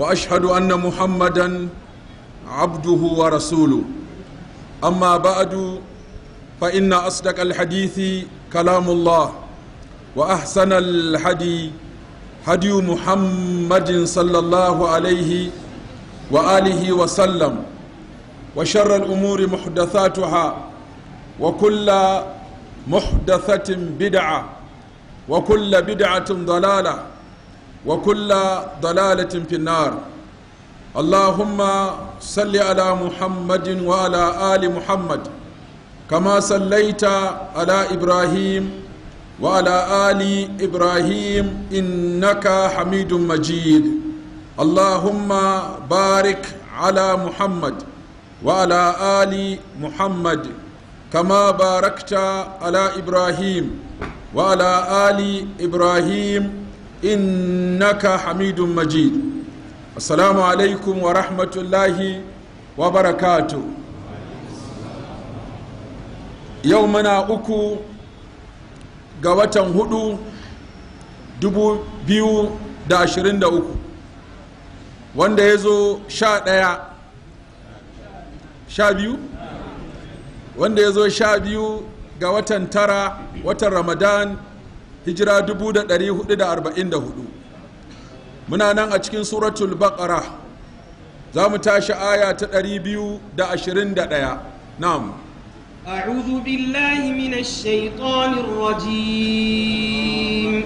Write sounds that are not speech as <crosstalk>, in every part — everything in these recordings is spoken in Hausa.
واشهد ان محمدا عبده ورسوله اما بعد فان اصدق الحديث كلام الله واحسن الحدي هدي محمد صلى الله عليه واله وسلم وشر الامور محدثاتها وكل محدثه بدعه وكل بدعه ضلاله وكل ضلالة في النار اللهم صل على محمد وعلى آل محمد كما صليت على إبراهيم وعلى آل إبراهيم إنك حميد مجيد اللهم بارك على محمد وعلى آل محمد كما باركت على إبراهيم وعلى آل إبراهيم innaka hamidun Maji. assalamu alaikum wa rahmatullahi wa barakatu yau muna uku ga watan hudu dubu biyu da ashirin da wanda ya zo sha wanda ya zo sha biyu ga watan tara watan ramadan hijira 444 muna nan a cikin suratul baqara za mu tashi aya ta 221 na'am أعوذ بالله من الشيطان الرجيم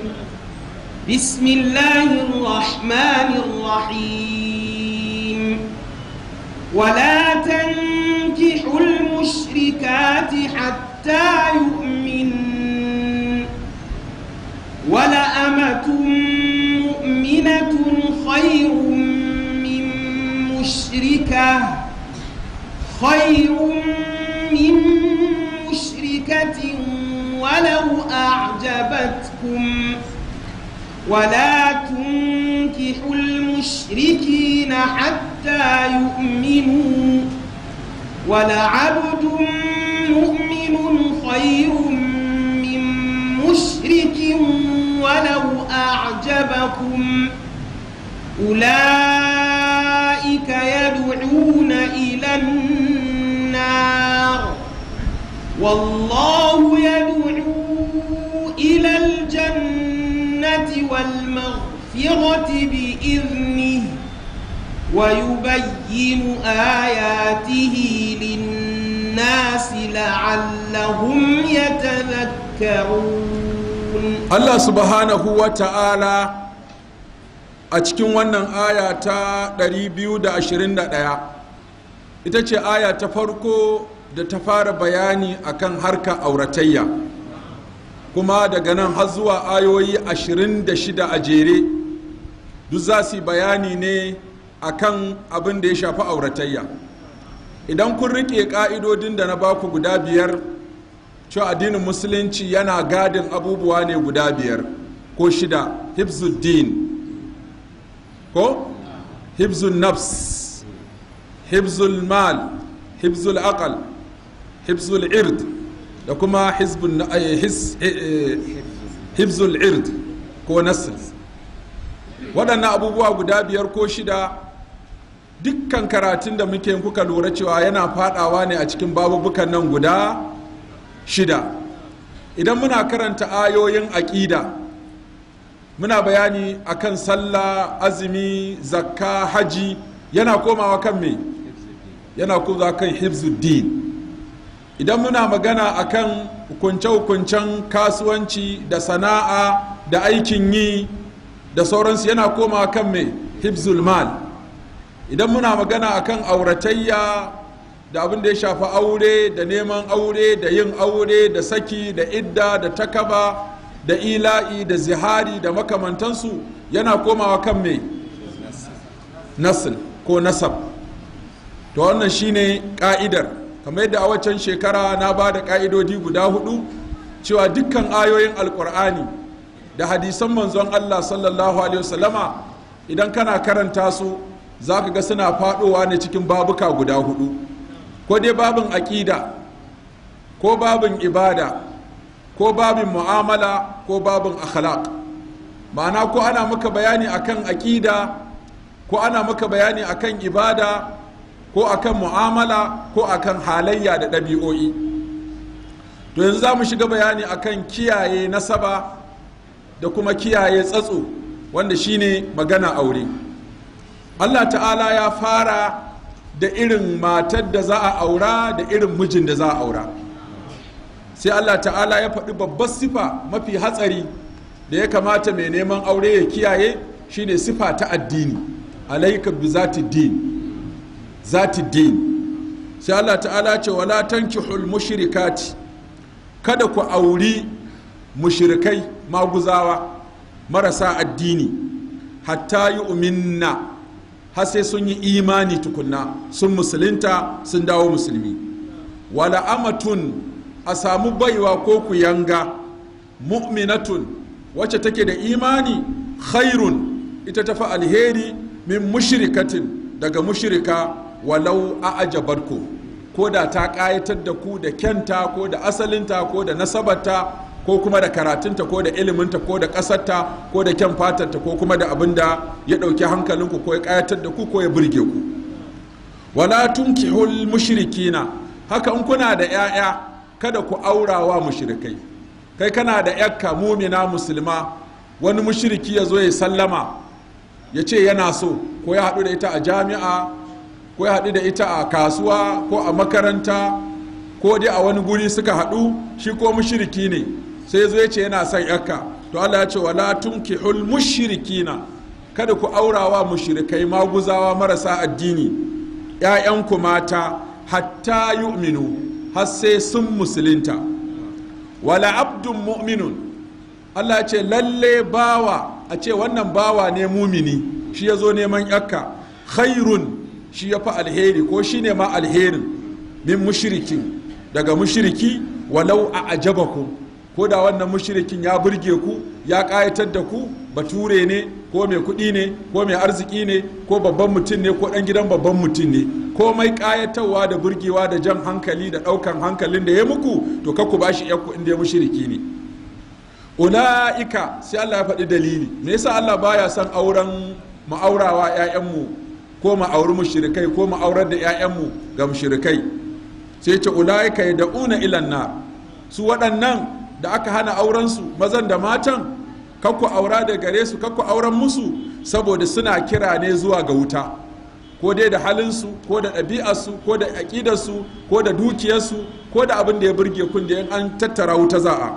بسم الله الرحمن الرحيم ولا تنكحوا المشركات حتى يؤمنوا ولأمة مؤمنة خير من مشركة خير من مشركة ولو أعجبتكم ولا تنكحوا المشركين حتى يؤمنوا ولعبد مؤمن خير من مشرك ولو أعجبكم أولئك يدعون إلى النار والله يدعو إلى الجنة والمغفرة بإذنه ويبين آياته للناس لعلهم يتذكرون Allah subhanahu wa ta'ala a cikin wannan aya ta 221 ita ce aya ta farko da ta fara bayani akan harka auratayya kuma daga nan har zuwa ayoyi 26 a jere duk za su bayani ne akan abin da ya shafi auratayya idan kun riƙe ƙa'idodin da na baku guda biyar cewa addinin musulunci yana gadin abubuwa ne guda biyar ko shida hibzuddin ko hibzul nafs hibzul mal hibzul aqal hibzul ird da kuma hibzul eh, eh, eh, ird ko nasir waɗannan abubuwa guda biyar ko shida dukkan karatun da muke kuka lura cewa yana fadawa ne a cikin bukan nan guda shida idan muna karanta ayoyin aƙida muna bayani akan sallah azumi zakka haji yana komawa kan me yana kan hibzuddin idan muna magana akan hukunce-hukuncen kasuwanci da sana'a da aikin yi da sauransu yana komawa kan me Hibzulmal, idan muna magana akan auratayya da abin da ya shafi aure da neman aure da yin aure da saki da idda da takaba da ila'i da zihari da makamantansu yana komawa kan mai nasil ko nasab to wannan shine ka'idar kamar yadda a waccan shekara na ba da ka'idodi guda hudu cewa dukkan ayoyin alkur'ani da hadisan manzon allah sallallahu alaihi wasallama idan kana karanta su za ka ga suna faɗowa ne cikin babuka guda hudu ko dai babin aƙida ko babin ibada ko babin mu'amala ko babin akhlaq ma'ana ko ana maka bayani akan aƙida ko ana maka bayani akan ibada ko akan mu'amala ko akan halayya da ɗabi'o'i to yanzu za mu shiga bayani akan kiyaye nasaba da kuma kiyaye tsatso wanda shine magana aure allah ta'ala ya fara da irin matar da za a aura da irin mijin da za a aura sai allah ta'ala ya faɗi babbar sifa mafi hatsari da ya kamata mai neman aure ya kiyaye shine sifa ta addini alaika bi zati din zati din sai allah ta'ala ce wala tankihul mushrikati kada ku auri mushrikai maguzawa marasa addini hatta yi uminna har sai sun yi imani tukunna sun musulunta sun dawo musulmi wala amatun a samu baiwa ko ku yanga mu'minatun wacce take da imani khairun ita ta fa alheri min mushrikatin daga mushrika walau a ajabarku ko da ta kayatar da ku da kyanta ko da asalinta ko da nasabarta ko kuma da karatunta ko da iliminta ko da ƙasarta ko da kyan fatanta ko kuma da abin da ya ɗauki hankalinku ko ya ƙayatar da ku ko ya burge ku wala tunkihul mushrikina haka in kuna da 'ya'ya kada ku aura wa mushrikai kai kana da 'yakka mumina musulma wani mushriki ya zo ya sallama ya ce yana so ko ya haɗu da ita a jami'a ko ya haɗu da ita a kasuwa ko a makaranta ko dai a wani guri suka haɗu shi ko mushriki ne sai zo ya ce yana son yakka to Allah ya ce wala hul mushrikina kada ku aura aurawa mushrikai maguzawa marasa addini ƴaƴanku mata hatta yu'minu har sai sun musulunta wala abdun mu'minun Allah ya ce lalle bawa a ce wannan bawa ne mumini shi ya zo neman yakka khairun shi ya fi alheri ko shi ne ma alherin min mushrikin daga mushriki walau a ajabakum ko da wannan mushirikin ya burge ku ya ƙayatar da ku bature ne ko mai kuɗi ne ko mai arziki ne ko babban mutum ne ko ɗan gidan babban mutum ne ko mai ƙayatarwa da burgewa da jan hankali da ɗaukan hankalin da ya muku to ka ku bashi ku inda ya mushiriki ne ula'ika sai Allah ya faɗi dalili me yasa Allah baya son auren ma'aurawa 'ya'yanmu ko ma'auri mushrikai ko ma'aurar da 'ya'yanmu ga mushirikai sai ce ula'ika ya da'una ilan na su waɗannan da aka hana aurensu mazan da matan kakku aura da gare su kakku auren musu saboda suna kira ne zuwa ga wuta ko dai da halinsu ko da ɗabi'arsu ko da aƙidarsu ko da dukiyarsu ko da abin da ya burge kun da an tattara wuta za a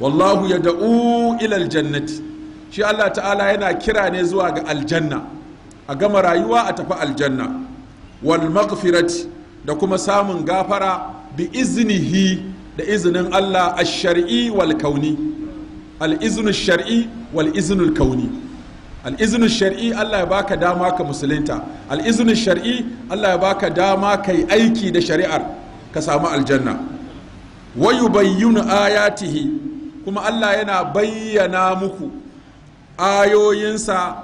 wallahu ya da'u ilal jannati shi allah ta'ala yana kira ne zuwa ga aljanna a gama rayuwa a tafi aljanna wal maghfirati da kuma samun gafara bi iznihi da izinin Allah ash shari'i wal kauni al shari'i wal iznu kauni al Allah ya baka dama ka musulunta al-iznu shari Allah ya baka dama kai aiki da shari'ar ka samu aljanna wayu yubayyinu ayatihi kuma Allah yana bayyana muku ayoyinsa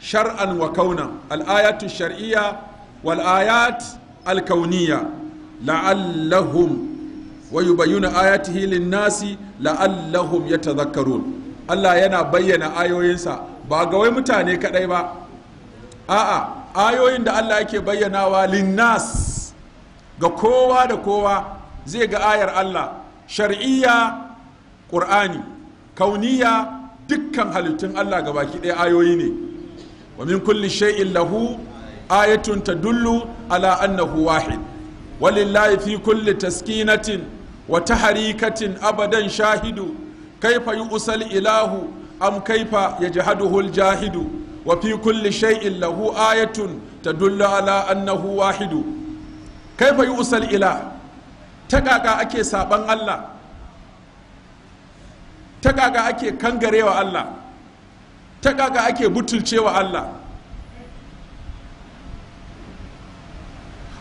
shar'an wa kauna al-ayatu shar'iyya wal ayat al-kauniyya la'allahum wayubayyuna yubayyuna ayatihi lin-nasi la'allahum yatadhakkarun Allah yana bayyana ayoyinsa ba ga wai mutane kadai ba a'a ayoyin da Allah yake bayyanawa linnas ga kowa da kowa zai ga ayar Allah shar'iyya qur'ani kauniya dukkan halittun Allah ga baki ɗaya ayoyi ne wa min kulli shay'in lahu ayatun tadullu ala annahu wahid walillahi fi kulli taskinatin Wata harikatin abadan shahidu kaifa yi yu'sal ilahu am kaifa ji aljahidu wa fi kulli shay'in lahu ayatun ta tadullu ala annahu wahidu kaifa yi yu'sal ila ta kaka ake saban Allah ta kaka ake kangarewa Allah ta kaka ake butulcewa Allah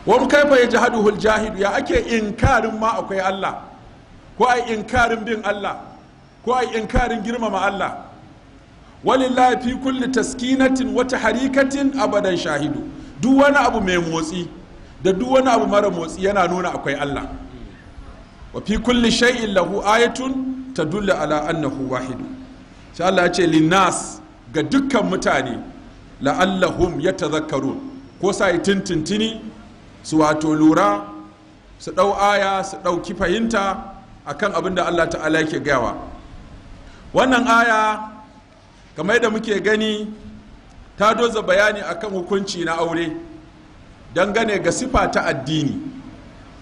wani kaifa ya ji haduhul jahidu ya ake inkarin ma akwai Allah ko ai inkarin bin Allah ko ai inkarin girmama Allah walillahi fi kulli taskinatin wata harikatin abadan shahidu duk wani abu mai motsi da duk wani abu mara motsi yana nuna akwai Allah wa fi kulli shay'in lahu ayatun tadullu ala annahu wahidu sai Allah ya ce linnas ga dukkan mutane la'allahum yatadhakkarun ko sai tintintini su wato lura su ɗau aya su ɗauki fahimta akan abin da allah ta'ala yake gawa wannan aya kamar yadda muke gani ta doza bayani akan hukunci na aure dangane ga sifa ta addini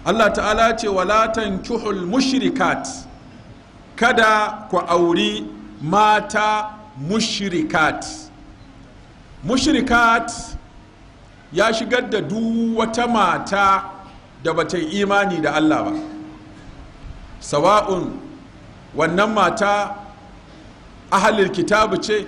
allah ta'ala ce walatan kihul mushrikat kada ku auri mata mushrikat mushrikat ya shigar da duk wata mata da bata yi imani da Allah ba sawa'un wannan mata ahalil kitabu ce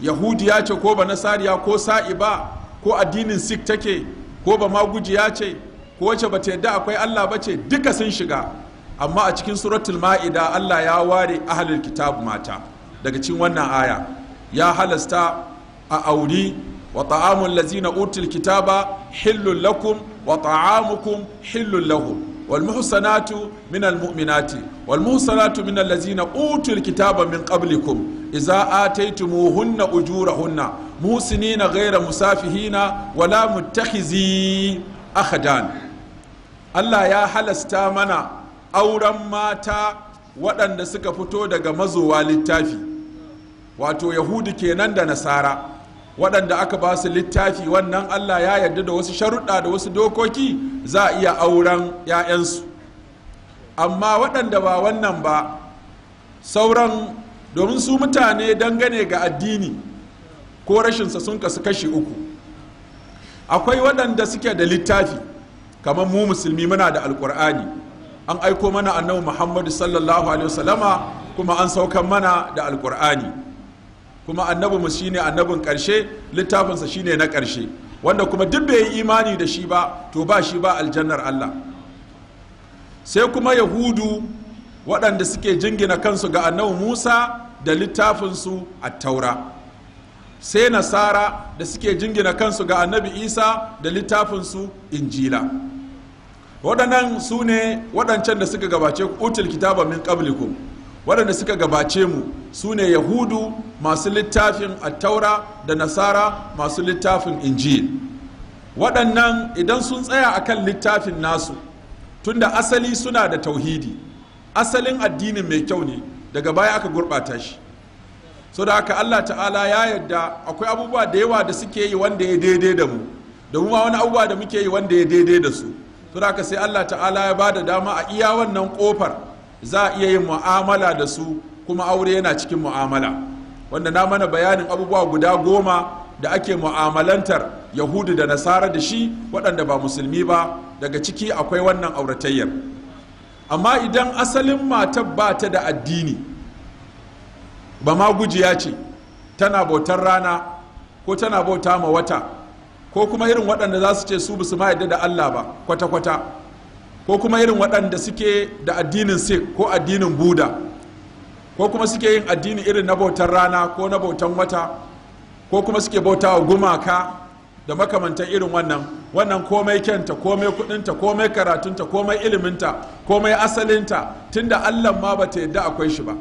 yahudiya ce ko ba nasariya ko sa'i ba? ko addinin sikh take ko ba magujiya ce ko wace bata yadda akwai Allah ba ce duka sun shiga amma a cikin suratul ma'ida Allah ya ware ahalil kitabu mata daga cikin wannan aya ya halasta a auri wa ta'amul lazina utul kitaba hillul lakum wa ta'amukum hillul lahum wal muhsanatu minal mu'minati wal muhsanatu minal lazina utul kitaba min qablikum idza ataytumuhunna ujurahunna musinina ghayra musafihina wala muttakhizi akhdan Allah ya halasta mana auren mata waɗanda suka fito daga mazowa littafi wato yahudu kenan da nasara waɗanda aka ba su littafi wannan allah ya yarda da wasu sharuɗa da wasu dokoki za a iya auren 'ya'yansu amma waɗanda ba wannan ba sauran domin su mutane dangane ga addini ko rashinsa sun kasu kashi uku akwai waɗanda suke da littafi kamar mu musulmi muna da alkur'ani an aiko mana annabi muhammadu sallallahu alaihi wasallama kuma an saukan mana da alkur'ani kuma annabinmu shine annabin ƙarshe littafinsa shine na ƙarshe wanda kuma duk bai yi imani da shi ba to ba shi ba aljannar Allah sai kuma yahudu waɗanda suke jingina kansu ga annabi Musa da littafinsu a taura sai nasara da suke jingina kansu ga annabi isa da littafinsu injila waɗannan su ne waɗancan da suka gabace utul kitaba min qablikum waɗanda suka gabace mu su ne yahudu masu littafin attaura da nasara masu littafin injil waɗannan idan sun tsaya a kan littafin nasu tunda asali suna da tauhidi asalin addinin mai kyau ne daga baya aka gurɓata shi so da haka allah ta'ala ya yadda akwai abubuwa da yawa da suke yi wanda ya daidai da mu da mu wani abubuwa da muke yi wanda ya daidai da su so da haka sai allah ta'ala ya ba da dama a iya wannan kofar za a iya yin mu'amala da su kuma aure yana cikin mu'amala wanda na mana bayanin abubuwa guda goma da ake mu'amalantar yahudu da nasara da shi waɗanda ba musulmi ba daga ciki akwai wannan auratayyar amma idan asalin matar ba ta da addini ba ma gujiya ce tana bautar rana ko tana bauta ma wata ko kuma irin waɗanda za su ce su su ma yadda da allah ba kwata-kwata ko kuma irin waɗanda suke da addinin sikh ko addinin buda ko kuma suke yin addini irin na bautar rana ko na bautan wata ko kuma suke bauta wa gumaka da makamantan irin wannan wannan komai kyanta komai kudinta komai karatunta komai iliminta komai asalinta tunda allah ma bata ta yadda akwai shi ba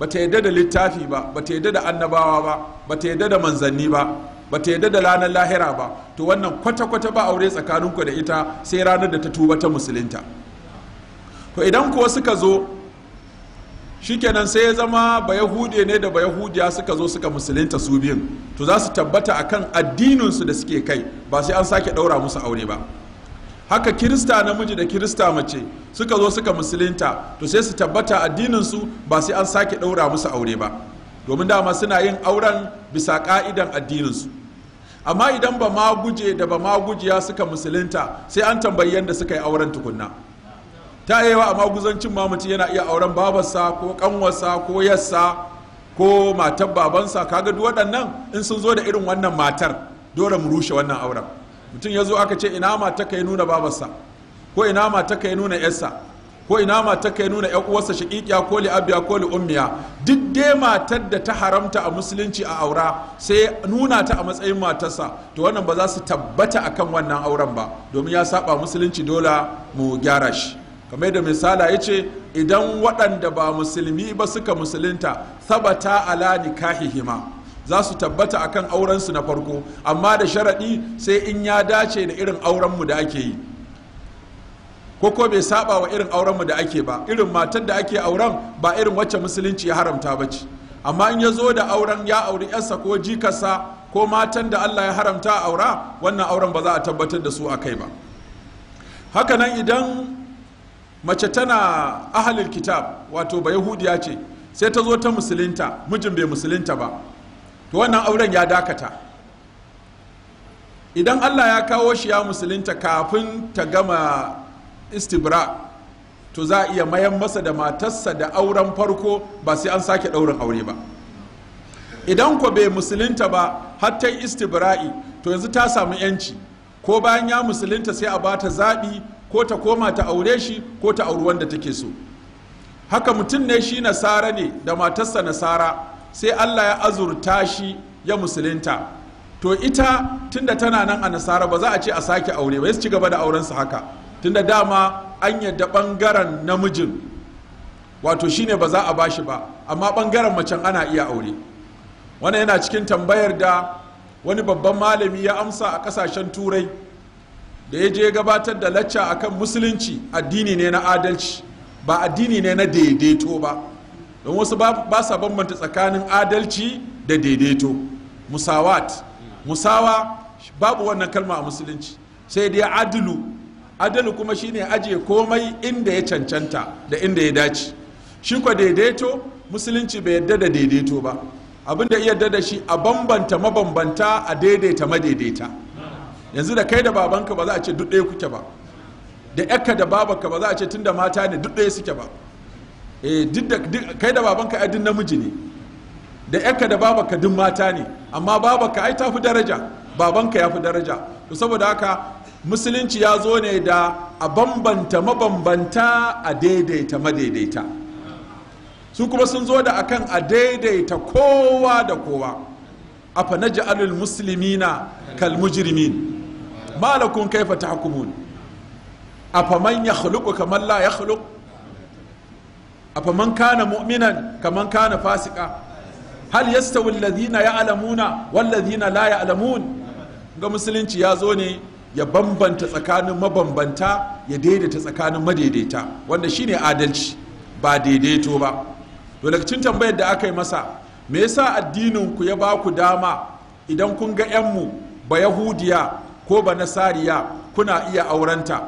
ba ta yadda da littafi ba ba ta yadda da annabawa ba ba ta yadda da manzanni ba ba ta yadda da ranar lahira ba to wannan kwata-kwata ba aure tsakaninku da ita sai ranar da ta tuba ta musulunta to idan kuwa suka zo shikenan sai ya zama bayahude ne da bayahudiya suka zo suka musulunta su biyun to za su tabbata kan addininsu da suke kai ba sai an sake daura musu aure ba haka kirista namiji da kirista mace suka zo suka musulunta to sai su tabbata addininsu ba sai an sake ɗaura musu aure ba domin dama suna yin auren bisa ka'idan addininsu amma idan ba ma guje da ba ma gujiya suka musulunta sai an tambayi yadda suka yi auren tukunna ta yawa a maguzancin mamaci yana iya auren babarsa ko kanwarsa ko yassa ko matar babansa kaga duk waɗannan in sun zo da irin wannan matar dole mu rushe wannan auren mutum ya zo aka ce ina mata ka yi nuna babarsa ko ina mata ka yi nuna yassa. ko ina matar ka ya nuna ƴan uwarsa shaƙiƙiya ko li'abiya ko li'ummiya duk dai matar da ta haramta a musulunci a aura sai nuna ta a matsayin matarsa to wannan ba za su tabbata akan wannan auren ba domin ya saba musulunci dole mu gyara shi kamar da misala ya ce idan waɗanda ba musulmi ba suka musulunta sabata ala nikahihima za su tabbata akan su na farko amma da sharaɗi sai in ya dace da irin auren mu da ake yi ko ko bai saba wa irin aurenmu da ake ba irin matan da ake auren ba irin wacce musulunci ya haramta ba ce amma in ya zo da auren ya auri yarsa ko jikarsa ko matan da allah ya haramta aura wannan auren ba za a tabbatar da su a kai ba hakanan idan mace tana ahalil kitab wato ba yahudiya ce sai ta zo ta musulunta mijin bai musulunta ba to wannan auren ya dakata idan allah ya kawo shi ya musulunta kafin ta gama istibra to za a iya mayan masa da matarsa da auren farko ba sai an sake ɗaurin aure ba idan ko bai musulunta ba har istibra'i to yanzu ta samu yanci ko bayan ya musulunta sai a bata zaɓi ko ta koma ta aure shi ko ta auri wanda take so haka mutum ne shi nasara ne da matarsa nasara sai allah ya azurta shi ya musulunta to ita tunda tana nan a nasara ba za a ce a sake aure ba ya ci gaba da auren su haka tunda dama an yadda bangaren namijin wato shine ba za a bashi ba amma bangaren macen ana iya aure wannan yana cikin tambayar da wani babban malami ya amsa a kasashen turai da ya je gabatar da lacca akan musulunci addini ne na adalci ba addini ne na daidaito ba don wasu ba sa bambanta tsakanin adalci da daidaito musawat musawa babu wannan kalma a musulunci sai dai adilu adalu kuma shine aje komai inda ya cancanta da inda ya dace shi kwa daidaito musulunci bai yadda da daidaito ba abin da iya da shi a bambanta mabambanta a daidaita madaidaita yanzu da kai da babanka ba za a ce duk ɗaya kuke ba da yakka da babanka ba za a ce tun da mata ne duk ɗaya suke ba eh, kai da babanka ai duk namiji ne da yakka da babanka duk mata ne amma babanka ai ta fi daraja babanka ya fi daraja to saboda haka musulunci ya zo ne da a bambanta mabambanta a daidaita madaidaita su kuma sun zo da akan a daidaita kowa da kowa a fanaji alul musulmina kalmujirmin malakun kaifa ta hukumun a faman ya khuluku kamar la ya khuluku a faman kana mu'minan kamar kana fasika hal yastawi alladhina ya'lamuna walladhina la ya'lamun ga musulunci ya zo ne ya bambanta tsakanin mabambanta ya daidaita tsakanin madaidaita wanda shine adalci ba daidaito ba to lokacin tambayar da aka yi masa me yasa addinin ku ya ba ku dama idan kun ga yanmu ba yahudiya ko ba nasariya kuna iya aurenta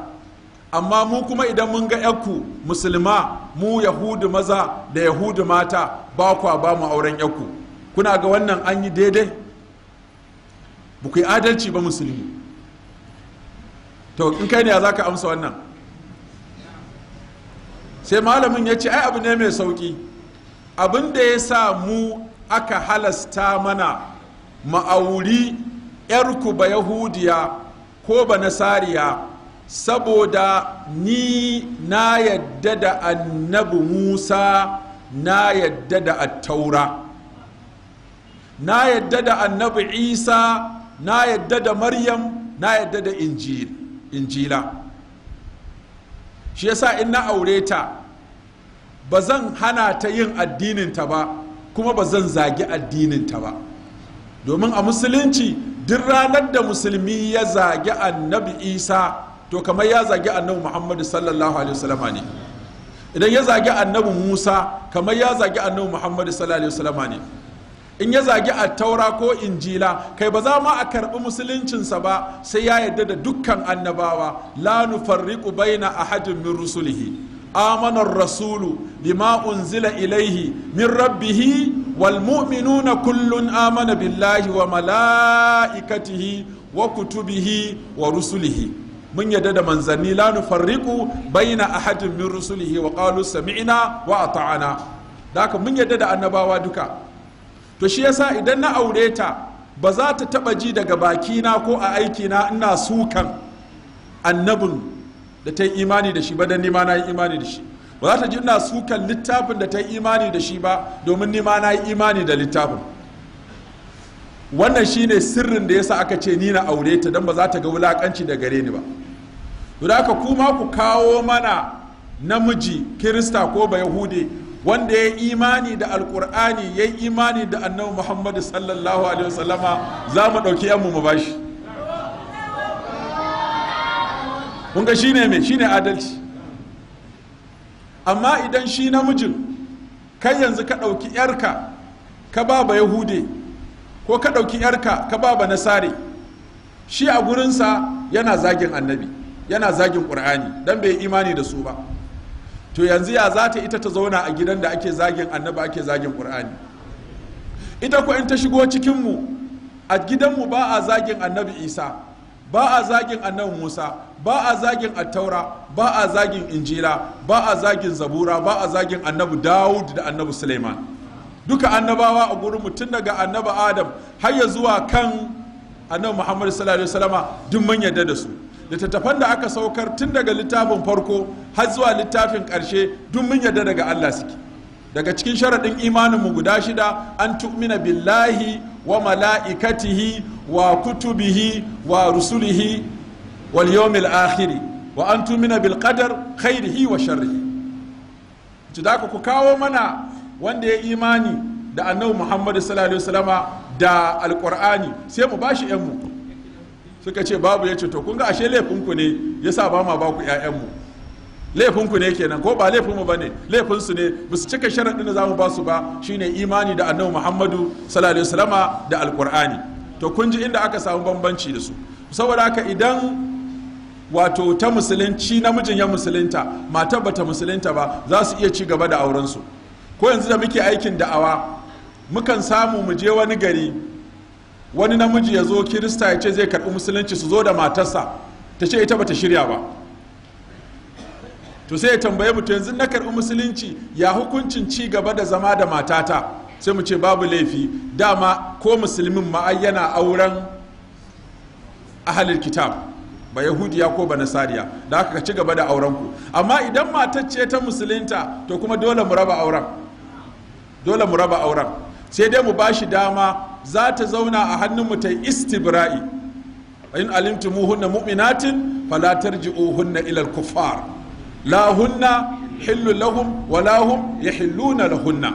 amma mu kuma idan mun ga yakku musulma mu yahudu maza da yahudu mata ba kwa ba mu auren yakku kuna ga wannan an yi daidai ba ku yi adalci ba musulmi to in kai ne ya za ka amsa wannan sai malamin ya ce ai abu ne mai sauki abin da ya sa mu aka halasta mana ma'auri 'yarku ba yahudiya ko ba nasariya saboda ni na yadda da annabi musa na yadda da attaura na yadda da annabi isa na yadda da maryam na yadda da injil injila shi yasa in na aure ta ba zan hana ta yin addininta ba kuma ba zan zagi addininta ba domin a musulunci duk ranar da musulmi ya zagi annabi isa to kamar ya zagi annabi muhammadu sallallahu alaihi wasallama ne idan ya zagi annabi musa kamar ya zagi annabi muhammadu sallallahu alaihi wasallama ne in ya zagi a taura ko injila kai ba za ma a karbi musuluncinsa ba sai ya yadda da dukkan annabawa la nufarriqu baina ahadin min rusulihi amana rasulu bima unzila ilaihi min rabbihi wal mu'minuna kullun amana billahi wa malaikatihi wa kutubihi wa rusulihi mun yadda da manzanni la nufarriqu baina ahadin min rusulihi wa qalu sami'na wa ata'ana da haka mun yadda da annabawa duka to shi yasa idan na aure ta ba za ta taba ji daga bakina ko a aikina ina sukan annabin da ta yi imani da shi ba don nima na yi imani da shi ba za ta ji ina sukan littafin da ta yi imani da shi ba domin nima na yi imani da littafin wannan shine sirrin da yasa aka ce ni na aure ta don ba za ta ga wulakanci da gare ni ba to da ku kuma ku kawo mana namiji kirista ko ba yahude wanda ya imani da alkur'ani ya imani da annabi muhammadu sallallahu alaihi wasallama za mu ɗauki yanmu mu bashi kunga shine mai shine adalci amma idan shi namijin kai yanzu ka ɗauki yarka ka ba yahude ko ka ɗauki yarka ka baba nasare shi a gurinsa yana zagin annabi yana zagin ƙur'ani don bai imani da su ba to yanzu ya za ta ita ta zauna a gidan da ake zagin annaba ake zagin Ƙur'ani? ita ko in ta shigo cikinmu a gidanmu ba a zagin annabi isa ba a zagin annabi musa ba a zagin attaura ba a zagin injila ba a zagin zabura ba a zagin annabi dawud da annabi suleiman duka annabawa a gurin tun daga annabi adam har ya zuwa kan annabi Muhammadu sallallahu alaihi wasallama duk mun yarda da su littattafan da aka saukar tun daga littafin farko har zuwa littafin ƙarshe duk mun yarda daga Allah suke daga cikin sharaɗin imanin mu guda shida an tu'mina billahi wa mala'ikatihi wa kutubihi wa rusulihi wal yawmil akhiri wa an tu'mina bil qadar khairihi wa sharrihi to da ku kawo mana wanda ya imani da annabi Muhammad sallallahu alaihi wasallama da alqur'ani sai mu bashi yan mu suka ce babu ya ce to kun ga ashe laifinku ne ya sa ba ma ba ku ƴaƴanmu laifinku ne kenan ko ba laifinmu ba ne laifinsu ne ba su cika sharaɗin da za mu ba su ba shine imani da annabi muhammadu sallallahu alaihi da alkur'ani to kun ji inda aka samu bambanci da su saboda haka idan wato ta musulunci namijin ya musulunta matar ba ta musulunta ba za su iya ci gaba da auren su ko yanzu da muke aikin da'awa mukan samu mu je wani gari wani namiji ya zo kirista ya ce zai karɓi musulunci su zo da matarsa ta ce ita bata shirya ba to sai ya tambaye mu yanzu na karɓi musulunci ya hukuncin ci gaba da zama da matata sai mu ce babu laifi dama ko musulmin ma yana auren ahalin kitab ba yahudiya ko ba nasariya da aka ci gaba da auren ku amma idan matar ce ta musulunta to kuma dole mu raba auren dole mu raba auren sai dai mu bashi dama za ta zauna a hannun mu ta yi istibra'i in hunna mu'minatin falatar tarji'uhunna hunna ilal kuffar la hunna hillu lahum wa lahum la hunna.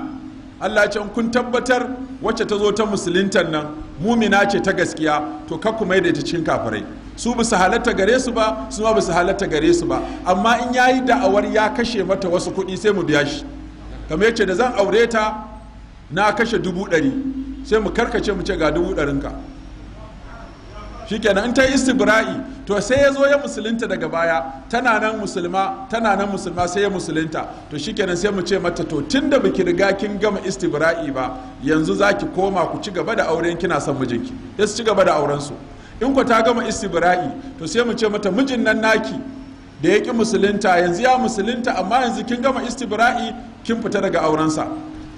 Allah ce kun tabbatar wacce ta zo ta musulintan nan mumina ce ta gaskiya to ka kuma da ita cikin kafirai su bisa halatta gare su ba su ma bisa halatta gare su ba amma in yayi da'awar ya kashe mata wasu kuɗi sai mu biya shi kamar yace da zan aure ta na kashe dubu ɗari sai mu karkace mu ce ga dubu ɗarinka shikenan in ta yi istibra'i to sai ya zo ya musulunta daga baya tana nan musulma tana nan musulma sai ya musulunta to shikenan sai mu ce mata to tinda biki riga kin gama istibra'i ba yanzu za ki koma ku ci gaba da auren kina son mijinki ya su ci gaba da auren su in ku ta gama istibra'i to sai mu ce mata mijin nan naki da ya ki musulunta yanzu ya musulunta amma yanzu kin gama istibra'i kin fita daga aurensa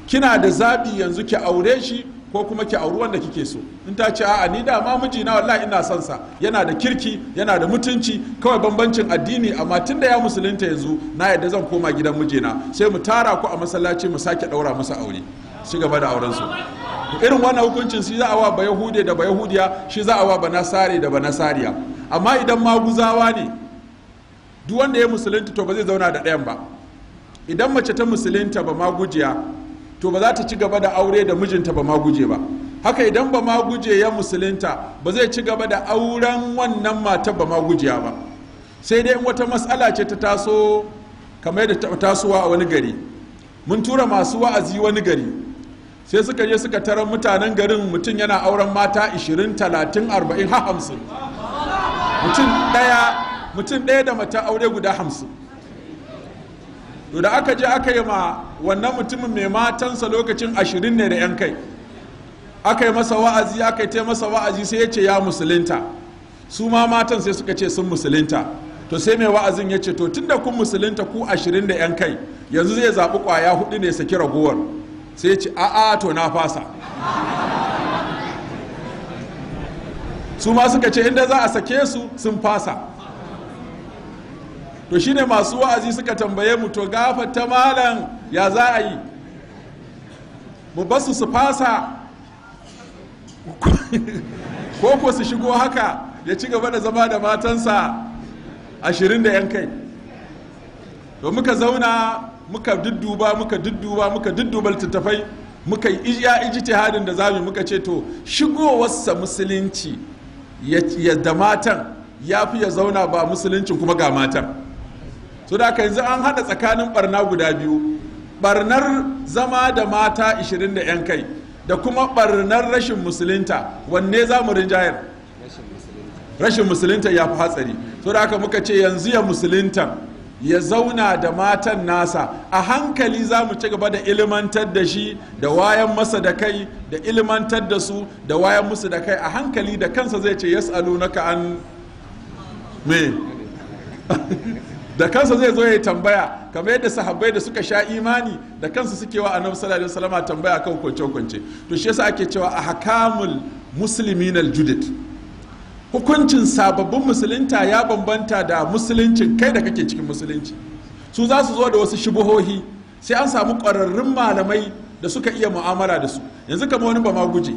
kina da zaɓi yanzu ki aure shi ko kuma ki auri wanda kike so in ta ce a'a ni da ma miji na wallahi ina son sa yana da kirki yana da mutunci kawai bambancin addini amma tunda ya musulunta yanzu na yadda zan koma gidan mijina sai mu tara ku a masallaci mu sake daura masa aure shi gaba da auren su irin wannan hukuncin shi za a wa ba yahude da ba yahudiya shi za a wa ba nasare da ba nasariya amma idan maguzawa ne duk wanda ya musulunta to ba zai zauna da ɗayan ba idan mace ta musulunta ba magujiya to ba za ta ci gaba da aure da mijinta ba ma guje ba haka idan ba ma guje ya musulunta ba zai ci gaba da auren wannan mata ba ma gujiya ba sai dai in wata matsala ce ta taso kamar da tasowa a wani gari mun tura masu wa'azi wani gari sai suka je suka tarar mutanen garin mutum yana auren mata 20 30 40 50 mutum ɗaya da mata aure guda hamsin to da aka je aka yi ma wannan mutumin mai matansa lokacin ashirin ne da yan kai aka yi masa wa'azi aka yi ta masa wa'azi sai ya ce ya Musulinta. su ma matan sai suka ce sun Musulinta, to sai mai wa'azin ya ce to tun da kun Musulinta ku ashirin da yan kai yanzu zai zaɓi ƙwaya hudu ne saki ragowar sai ya ce a'a to na fasa su ma suka ce inda za a sake su sun fasa to shine masu wa'azi suka tambaye mu to gafa ta malam ya za a yi mu basu su fasa <laughs> ko ko su shigo haka ya ci gaba da zama da matansa ashirin da yan kai to muka zauna muka dudduba muka dudduba muka dudduba littattafai muka yi iya ijtihadin da zamu muka ce to shigowarsa musulunci ya da matan ya fi ya zauna ba musulunci kuma ga matan so da yanzu an hada tsakanin barna guda biyu barnar zama da mata 20 da 'yan kai da kuma barnar rashin musulunta wanne za mu rinjayar rashin musulunta ya fi hatsari so da aka muka ce yanzu ya musulunta ya zauna da matan nasa a hankali za mu ci gaba da ilimantar da shi da wayan masa da kai da ilimantar da su da wayan musu da kai a hankali da kansa zai ce ka an me <laughs> da kansa zai zo ya tambaya kamar yadda sahabbai da suka sha imani da kansa suke wa annabi sallallahu alaihi wasallam tambaya kan kwance kwance to shi yasa ake cewa ahkamul muslimin aljudid hukuncin sababbin musulunta ya bambanta da musuluncin kai da kake cikin musulunci su za su zo da wasu shubuhohi sai an samu ƙwararrun malamai da suka iya mu'amala da su yanzu kamar wani ba ma guje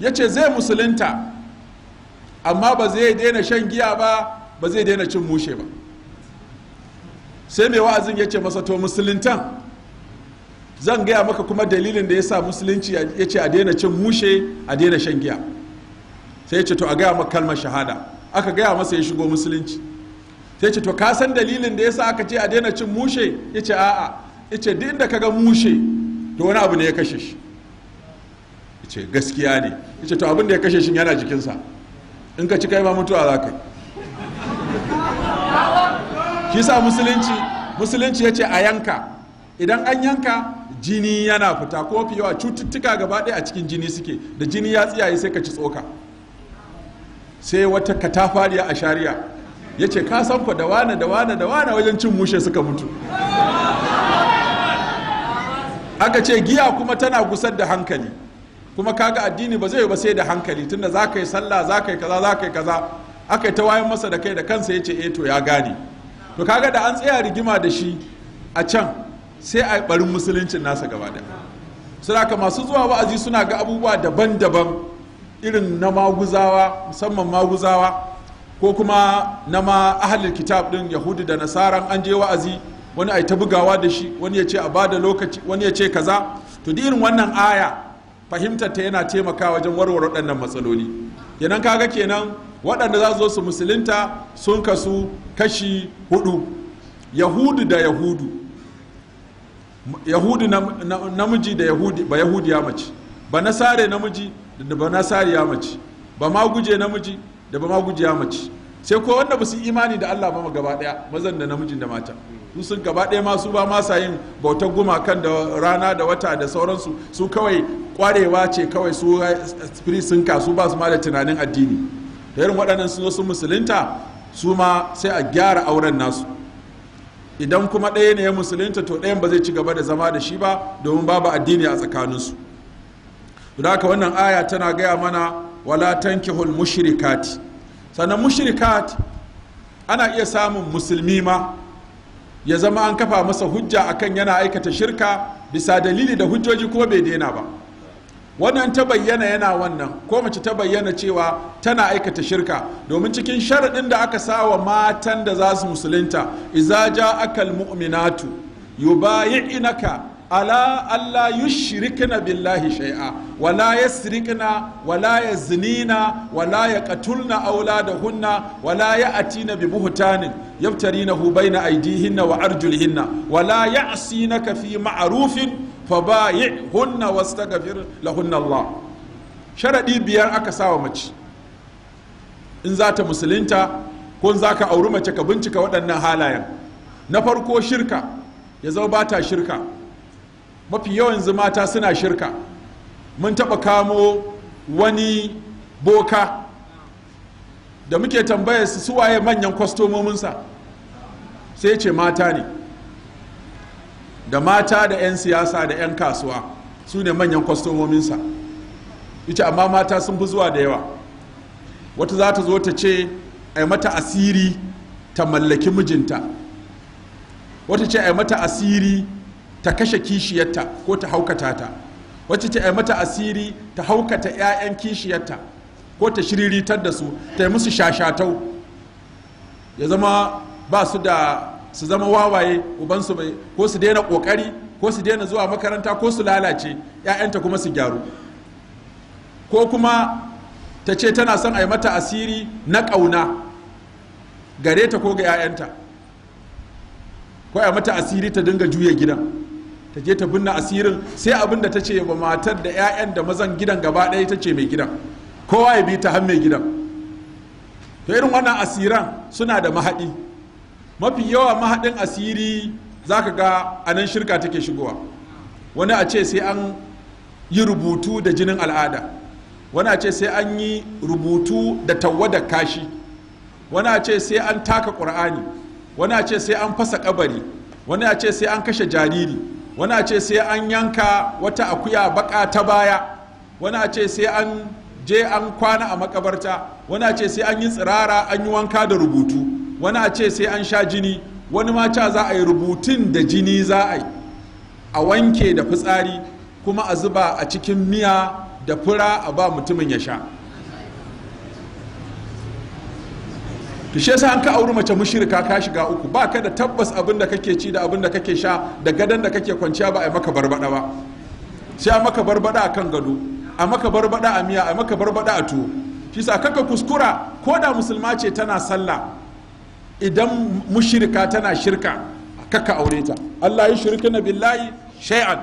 ya ce zai musulunta amma ba zai daina shan giya ba ba zai daina cin mushe ba sai mai wa'azin ya ce masa to musuluntan zan gaya maka kuma dalilin da ya sa musulunci ya ce a daina cin mushe a daina shan giya sai ya ce to a gaya maka kalmar shahada aka gaya masa ya shigo musulunci sai ce to ka san dalilin da ya sa aka ce a daina cin mushe ya ce a'a ya ce duk inda ka ga mushe to wani abu ne ya kashe shi ya ce gaskiya ne ya ce to abin da ya kashe shi yana jikinsa in ka ci kai ma mutuwa za ka yi shi sa musulunci musulunci ya ce a yanka idan an yanka jini yana fita ko yawa cututtuka gaba ɗaya a cikin jini suke da jini ya tsiyaye sai ka ci tsoka sai wata katafariya a shari'a ya ce ka san ku da wane da wane da wane wajen cin mushe suka mutu aka ce giya kuma tana gusar da hankali kuma kaga addini ba zai ba sai da hankali tunda za ka yi sallah za ka yi kaza za ka yi kaza aka yi ta wayan masa da kai da kansa ya ce eh to ya gane to kaga da an tsaya rigima da shi a can sai a barin musuluncin nasa gaba da suraka masu zuwa wa'azi suna ga abubuwa daban-daban irin na maguzawa musamman maguzawa ko kuma na ma ahalil kitab din Yahudu da nasaran an je wa'azi wani ai ta bugawa da shi wani ya ce a ba da lokaci wani ya ce kaza to di irin wannan aya fahimtar ta yana taimakawa wajen warware waɗannan matsaloli kenan kaga kenan waɗanda za su zo su musulunta sun kasu kashi hudu yahudu da yahudu yahudu namiji da yahudi ba yahudi ya mace ba nasare namiji da ba nasare ya mace ba maguje namiji da ba maguje ya mace sai ko wanda ba su imani da Allah ba gaba daya mazan da namijin da mata su sun gaba daya ma su ba masa yin bautar gumakan da rana da wata da sauransu su kawai kwarewa ce kawai su eh, spirit sun su ba su ma da tunanin addini da irin waɗannan sun wasu sun musulunta su ma sai a gyara auren nasu idan kuma ɗaya ne ya musulunta to ɗayan ba zai ci gaba da zama da shi ba domin babu addini a tsakaninsu da haka wannan aya tana gaya mana wala tankihul mushrikati sannan mushrikat ana iya samun musulmi ma ya zama an kafa masa hujja akan yana aikata shirka bisa dalili da hujjoji kuma bai daina ba wannan ta bayyana yana wannan ko mace ta bayyana cewa tana aikata shirka domin cikin sharaɗin da aka sawa matan da za su musulunta iza ja akal mu'minatu yubayi'inaka ala Allah yushrikna billahi shai'a wala yasrikna wala yazinina wala yaqtulna auladahunna wala ya'tina bi buhtanin yaftarinahu bayna aydihinna wa arjulihinna wala ya'sinaka fi ma'rufin hunna fabayi'hunna wastaghfir hunna Allah Sharaɗi biyar aka sa wa mace in za ta musulinta, ko za ka auri mace ka bincika waɗannan halayen na farko shirka ya zama ba ta shirka mafi yawan mata suna shirka mun taɓa kamo wani boka da muke tambayar su suwaye manyan kwastomominsa sai ce mata ne da mata da 'yan siyasa da 'yan kasuwa su ne manyan kwastomominsa ita amma mata sun fi zuwa da yawa wata za ta zo ta ce ai mata asiri ta mallaki mijinta wata ce ai mata asiri ta kashe kishiyarta ko ta haukata ta wata ce ai mata asiri ta haukata 'ya'yan kishiyarta ko ta shiriritar da su ta yi musu shashatau ya zama ba su da su zama wawaye ubansu bai ko su daina kokari ko su daina zuwa makaranta ko su lalace 'ya'yanta kuma su gyaru ko kuma ta ce tana son a yi mata asiri na ƙauna gare ta ko ga 'ya'yanta ko a mata asiri ta dinga juya gidan ta je ta binne asirin sai abin da ta ce ba matar da 'ya'yan da mazan gidan gaba ɗaya ta ce mai gidan kowa ya bi ta har mai gidan to irin wannan asiran suna da mahaɗi mafi yawa mahaɗin asiri za ka ga a nan shirka take shigowa wani a ce sai an yi rubutu da jinin al'ada wani a ce sai an yi rubutu da tawadar kashi wani a ce sai an taka ƙur'ani wani a ce sai an fasa ƙabari wani a ce sai an kashe jariri wani a ce sai an yanka wata akuya baka ta baya wani a ce sai an je an kwana a makabarta wani a ce sai an yi tsirara an yi wanka da rubutu wani a ce sai an sha jini wani ma ca za a yi rubutun da jini za a yi a wanke da fitsari kuma a zuba a cikin miya da fura a ba mutumin ya sha tushe sa an ka auri mace mashirka ka shiga uku ba ka da tabbas abin da kake ci da abin da kake sha da gadon da kake kwanciya ba a yi maka barbada ba sai a maka barbada a kan gado a maka barbada a miya a maka barbada a tuwo shi sa kaka kuskura ko da musulma ce tana sallah idan mushirka tana shirka kaka aure ta Allah ya shirka na billahi shay'an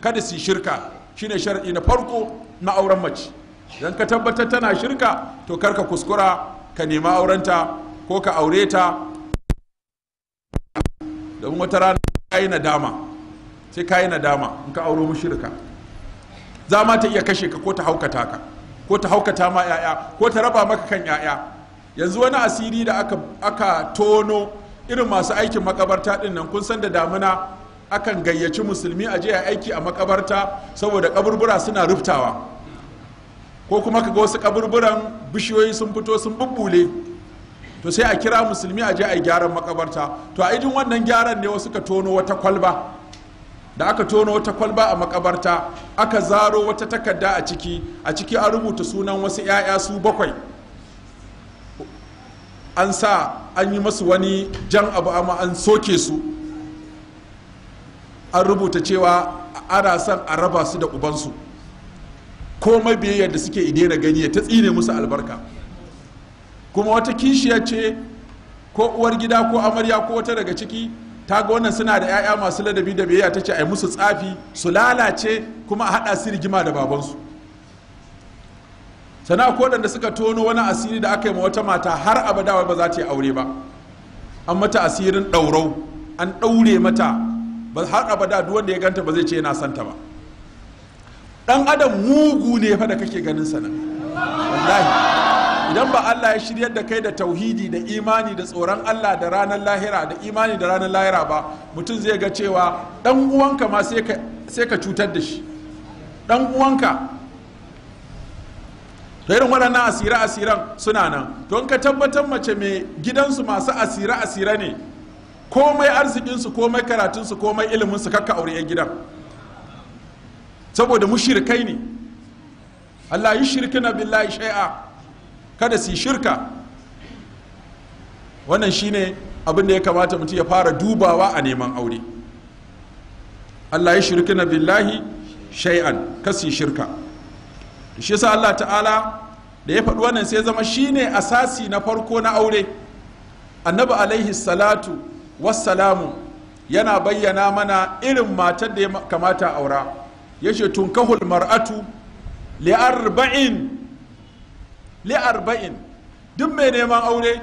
kada su shirka shine shar'i na farko na auren mace idan ka tabbatar tana shirka to karka kuskura ka nema aurenta ko ka aure ta domin wata rana na nadama sai na nadama in ka auro mushirka za ma ta iya kashe ka ko ta haukata ka ko ta haukata ma 'ya'ya ko ta raba maka kan 'ya'ya yanzu wani asiri da aka, aka tono irin masu aikin makabarta din nan kun san da damuna akan gayyaci musulmi a jiya aiki a makabarta saboda kaburbura suna ruftawa ko kuma ka ga wasu kaburburan bishiyoyi sun fito sun bubbule to sai a kira musulmi a je a gyaran makabarta to a idin wannan gyaran ne wasu ka tono wata kwalba da aka tono wata kwalba a makabarta aka zaro wata takarda a ciki a ciki an rubuta sunan wasu 'ya'ya su bakwai an sa an yi masu wani jan abu amma an soke su an rubuta cewa ana son a raba su da ubansu komai biyayyar da suke idena gani ya ta tsine musu albarka kuma wata kishiya ce ko uwar gida ko amarya ko wata daga ciki ta ga wannan suna da 'ya'ya masu ladabi da biyayya ta ce a yi musu tsafi su lalace kuma a haɗa su rigima da babansu sana ko da suka tono wani asiri da aka yi wata mata har abada ba za ta yi aure ba an mata asirin ɗaurau an ɗaure mata ba har abada duk wanda ya ganta ba zai ce yana santa ba dan adam mugu ne fa da kake ganin sana wallahi idan ba Allah ya shiryar da kai da tauhidi da imani da tsoron Allah da ranar lahira da imani da ranar lahira ba mutum zai ga cewa dan uwanka ma sai ka cutar da shi dan uwanka to irin waɗannan asira asiran suna nan to in ka tabbatar mace mai gidansu masu asira asira ne komai arzikinsu komai karatunsu komai iliminsu kakka aure ya gidan saboda mu shirkai ne Allah yi shirkina billahi shai'a kada su shirka wannan shine abin da ya kamata mutum ya fara dubawa a neman aure Allah yi shirki shirkina billahi shai'an kasi shirka shi yasa Allah ta'ala da ya faɗi wannan sai zama shine asasi na farko na aure annabi alaihi salatu wassalamu yana bayyana mana irin matar da ya kamata aura yace tunkahul mar'atu li'arba'in li'arba'in duk mai neman aure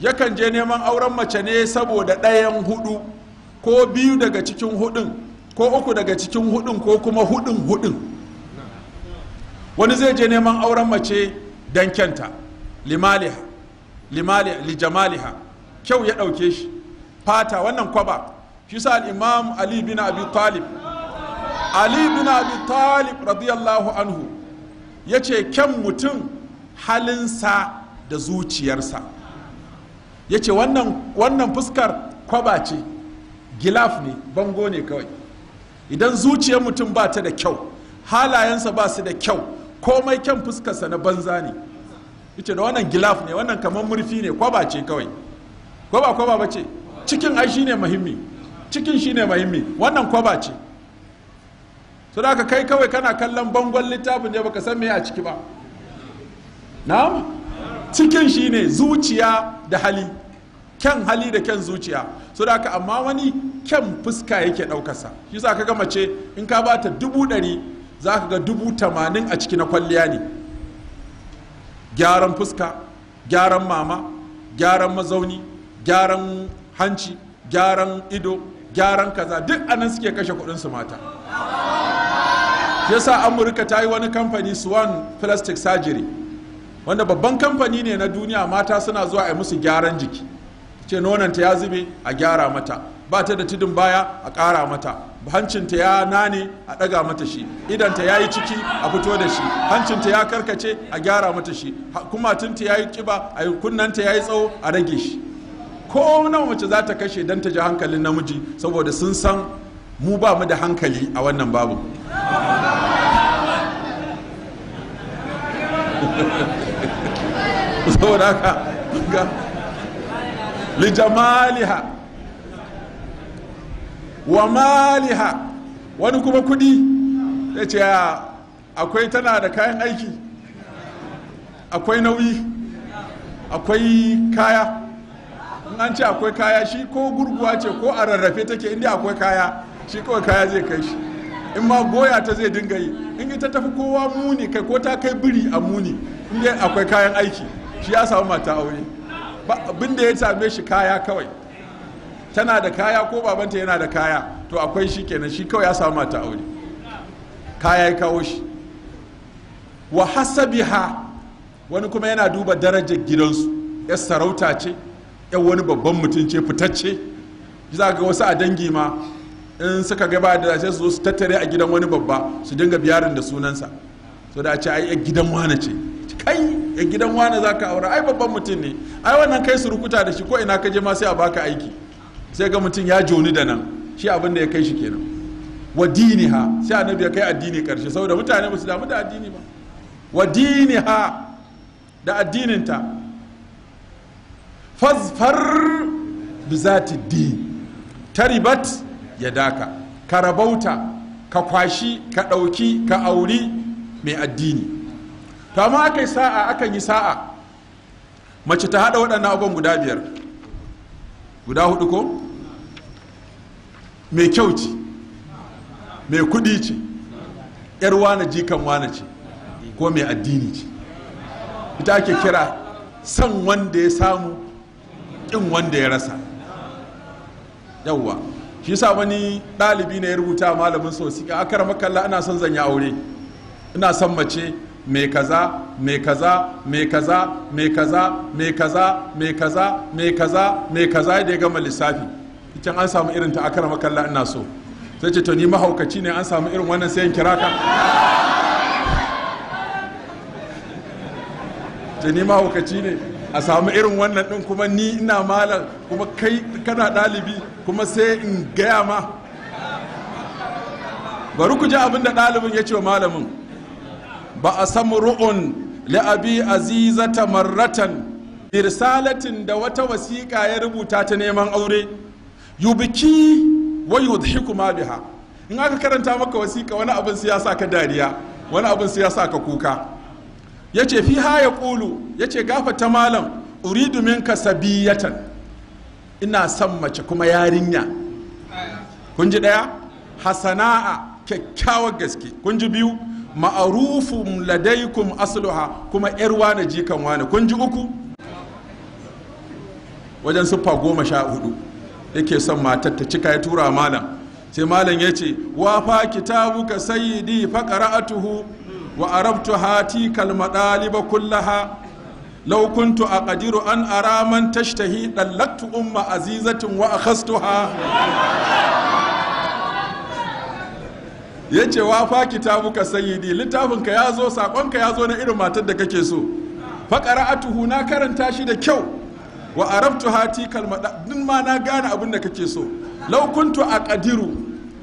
yakan je neman auren mace ne saboda ɗayan hudu ko biyu daga cikin hudun ko uku daga cikin hudun ko kuma hudun hudun wani zai je neman auren mace don kyanta limaliha limaliha kyau ya ɗauke shi fata wannan kwaba shi sa al'imam ali bin abi talib ali bin abi talib radiyallahu anhu ya ce kyan mutum halinsa da zuciyarsa ya ce wannan fuskar kwaba ce gilaf ne bango ne kawai idan zuciyar mutum ba ta da kyau halayensa ba su da kyau komai kyan fuskarsa na banza ne ita da wannan gilaf ne wannan kamar murfi ne kwaba ce kawai kwaba kwaba ba ce cikin ai shine muhimmi cikin shine muhimmi wannan kwaba ce to da kai kawai kana kallon bangon littafin ne baka san me a ciki ba na'am cikin shine zuciya da hali kyan hali da kyan zuciya so da amma wani kyan fuska yake ɗaukarsa shi za ka gama ce in ka bata dubu ɗari za ka ga dubu tamanin a ciki na kwalliya ne gyaran fuska gyaran mama gyaran mazauni gyaran hanci gyaran ido gyaran kaza duk anan suke kashe kudinsu mata yasa amurka ta yi wani kamfani swan plastic surgery wanda babban kamfani ne na duniya mata suna zuwa a musu gyaran jiki ce nonanta ya zube a gyara mata ba ta da tudun baya a ƙara mata hancinta ya nane a ɗaga mata shi idanta ya yi ciki a fito da shi hancinta ya karkace a gyara mata shi kuma tunta ya yi kiba a kunnanta ya yi tsawo a rage shi ko nawa mace za ta kashe don ta ji hankalin namiji saboda sun san mu ba mu da hankali a wannan babu <laughs> saboda lijamaliha wa maliha wani kuma kudi ya ce akwai tana da kayan aiki akwai nauyi akwai kaya in an ce akwai kaya shi ko gurguwa ce ko a rarrafe take inda akwai kaya shi kawai kaya zai kai shi in ma goya ta zai dinga yi in ita tafi kowa muni kai ko ta kai biri a muni inda akwai kayan aiki shi ya samu mata aure Binda ya same shi kaya kawai tana da kaya ko babanta yana da kaya to akwai shi kenan shi kawai ya samu mata aure kaya ya kawo shi wa ha wani kuma yana duba darajar gidansu yar sarauta ce yar wani babban mutum ce fitacce za ga wasu a dangi ma in suka gaba da sai su zo su tattare a gidan wani babba su dinga biyarin da sunansa so da a ce ai gidan wane ce kai ya gidan wane za ka aura ai babban mutum ne ai wannan kai su rukuta da shi ko ina ka je ma sai a baka aiki sai ga mutum ya joni da nan shi abin da ya kai shi kenan wa ha sai annabi ya kai addini karshe saboda mutane musu damu da addini ba wa ha da addininta fazfar zati din taribat ya daka ka rabauta ka kwashi ka dauki ka auri mai addini to amma aka sa'a akan yi sa'a mace ta hada waɗannan abubuwan guda biyar guda hudu ko mai kyau ce mai kudi ce yar wane jikan wane ce ko mai addini ce ita ake kira san wanda ya samu kin wanda ya rasa Yauwa shi sa wani ɗalibi ne ya rubuta malamin sosika akar makalla ana son zanya aure ina son mace mai kaza mai kaza mai kaza mai kaza mai kaza mai kaza mai kaza mai kaza da ya gama lissafi can an samu irin ta akara makalla ina so sai ce to ni mahaukaci ne an samu irin wannan sai in kira ka ce ni mahaukaci ne a samu irin wannan din kuma ni ina malam kuma kai kana ɗalibi kuma sai in gaya ma bari ku ji abin da ɗalibin ya ce wa malamin ba a samu ru'un la'abi azizata marratan birsalatin da wata wasiƙa ya rubuta ta neman aure yubiki wa yudhiku ma biha in aka karanta maka wasiƙa wani abin sai ya sa ka dariya wani abin sai ya sa ka kuka yace fi ha ya qulu yace ta malam uridu minka sabiyatan ina son mace kuma yarinya kun ji daya hasana'a kyakkyawar gaske kun ji biyu ma'arufun ladaikum asluha kuma yar wane jikan wane kun ji uku wajen siffa goma sha hudu ke son matar ta cika ya tura malam sai malam ya ce wa fa kitabuka sayidi fa qara'atuhu wa arabtu hati kalmadaliba kullaha laukuntu a aqdiru an ara man tashtahi dallaktu umma azizatin wa akhastuha ya ce wa fa kitabuka sayyidi littafinka ya zo saƙonka ya zo na irin matar da kake so tuhu na karanta shi da kyau wa araftu hati kalmada din ma na gane abin da kake so law kuntu aqdiru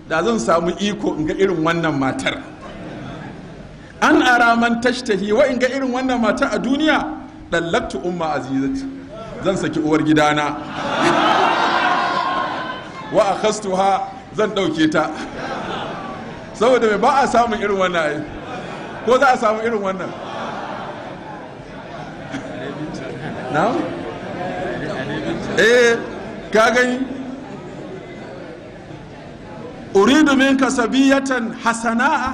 da zan samu iko in ga irin wannan matar an ara man tashtahi wa in ga irin wannan matar a duniya dallaktu umma azizati zan saki uwar gidana <laughs> wa akhastuha zan dauke ta saboda mai ba a samun irin wannan ai ko za a samu irin wannan na'am eh ka gani uridu minka sabiyatan hasana'a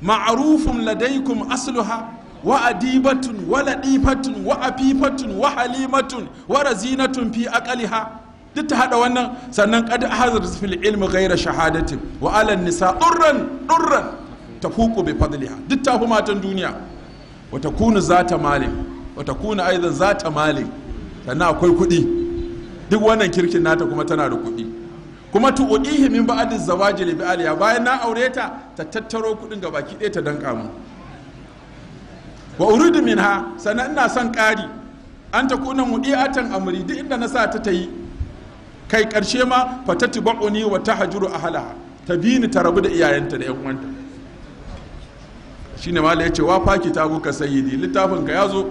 ma'arufun ladaikum asluha wa adibatun wa ladifatun wa afifatun wa halimatun wa razinatun fi aqaliha duk ta hada wannan sannan qad hazar fil ilmi ghayra shahadatin wa ala nisa durran durran tafuqu bi fadliha duk ta fi matan duniya wa takunu zata mali wa takunu aidan zata mali sannan akwai kuɗi duk wannan kirkin nata kuma tana da kuɗi kuma tu'udihi min ba'di zawaji li bi'aliya bayan na aure ta ta tattaro kuɗin ga baki ɗaya ta danka mu wa uridu minha sannan ina son ƙari an ta kuna mudi'atan amri duk inda na sa ta ta yi kai karshe ma fatatba'uni wa a ahlaha ta bi ni ta rabu da iyayenta da yan uwanta shine mala yace wa faki ta guka sayyidi littafin ka yazo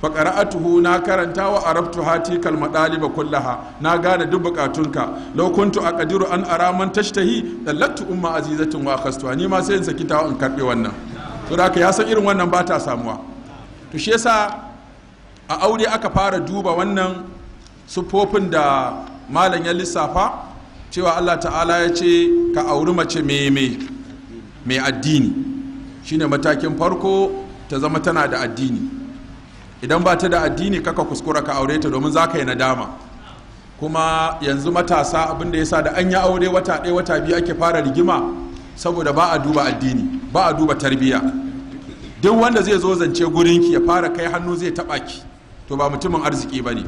fa qara'atuhu na karanta wa arabtu hati kal madaliba kullaha na gane duk bukatunka law kuntu aqdiru an ara man tashtahi dallatu umma azizatin wa khastu ni ma sai in saki ta in karbe wannan to haka ya san irin wannan ba ta samuwa to shi yasa a aure aka fara duba wannan sufofin da malam ya lissafa cewa allah ta'ala ya ce ka auri mace mai addini shine matakin farko ta zama tana da addini idan ba ta da addini kaka kuskura ka aure ta domin za ka yi nadama kuma yanzu matasa abinda ya sa da an yi aure wata ɗaya wata biyu ake fara rigima saboda ba a duba addini ba a duba tarbiyya duk wanda zai zo zance gurinki ya fara kai hannu zai taɓa ki to ba mutumin arziki ba ne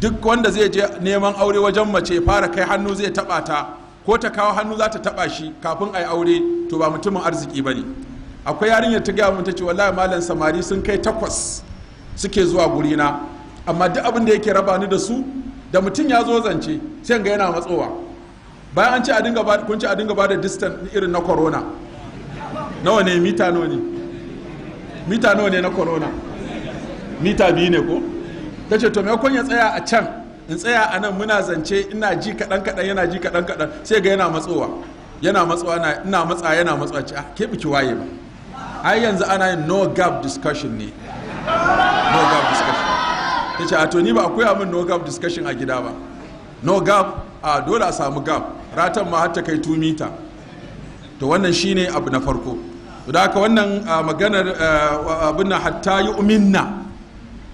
duk wanda zai je neman aure wajen mace fara kai hannu zai taba ta ko ta kawo hannu za ta taba shi kafin a yi aure to ba mutumin arziki ba ne akwai yarinyar ta gaya ta ce wallahi malam samari sun kai takwas suke zuwa gurina amma duk abin da yake raba ni da su da mutum ya zo zance sai ga yana matsowa bayan an ce a dinga kun ce a dinga bada distance irin na corona nawa ne mita nawa ne mita nawa ne na corona mita biyu ne ko ta ce to maimakon ya tsaya a can in tsaya a nan muna zance ina ji kaɗan kaɗan yana ji kaɗan kaɗan sai ga yana matsowa yana matsowa ina matsa yana matsowa ce ah, ke biki waye ba ai yanzu ana yin no gap discussion ne no gap discussion ta ce a ah, to ni ba a koya min no gap discussion a gida ba no gap a dole a samu gap ratan ma har ta kai 2 mita to wannan shine abu na farko da haka wannan maganar eh, abin hatta yi uminna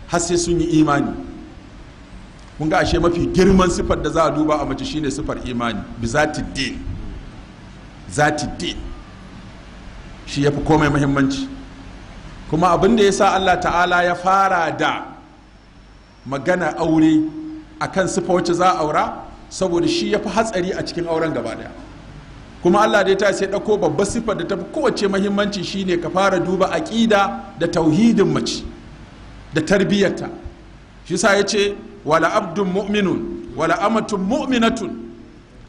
har sai sun yi imani mun ga ashe mafi girman sifar da za a duba a mace shine sifar imani bi zati din zati din shi ya fi komai muhimmanci kuma abin da ya sa Allah ta'ala ya fara da magana aure a kan sifa wacce za a aura saboda shi ya fi hatsari a cikin auren gaba daya kuma Allah dai ta sai ɗauko babbar sifar da ta fi kowace muhimmanci shine ka fara duba aqida da tauhidin mace da tarbiyyarta shi sa ya ce wala abdun mu'minun wala amatun mu'minatun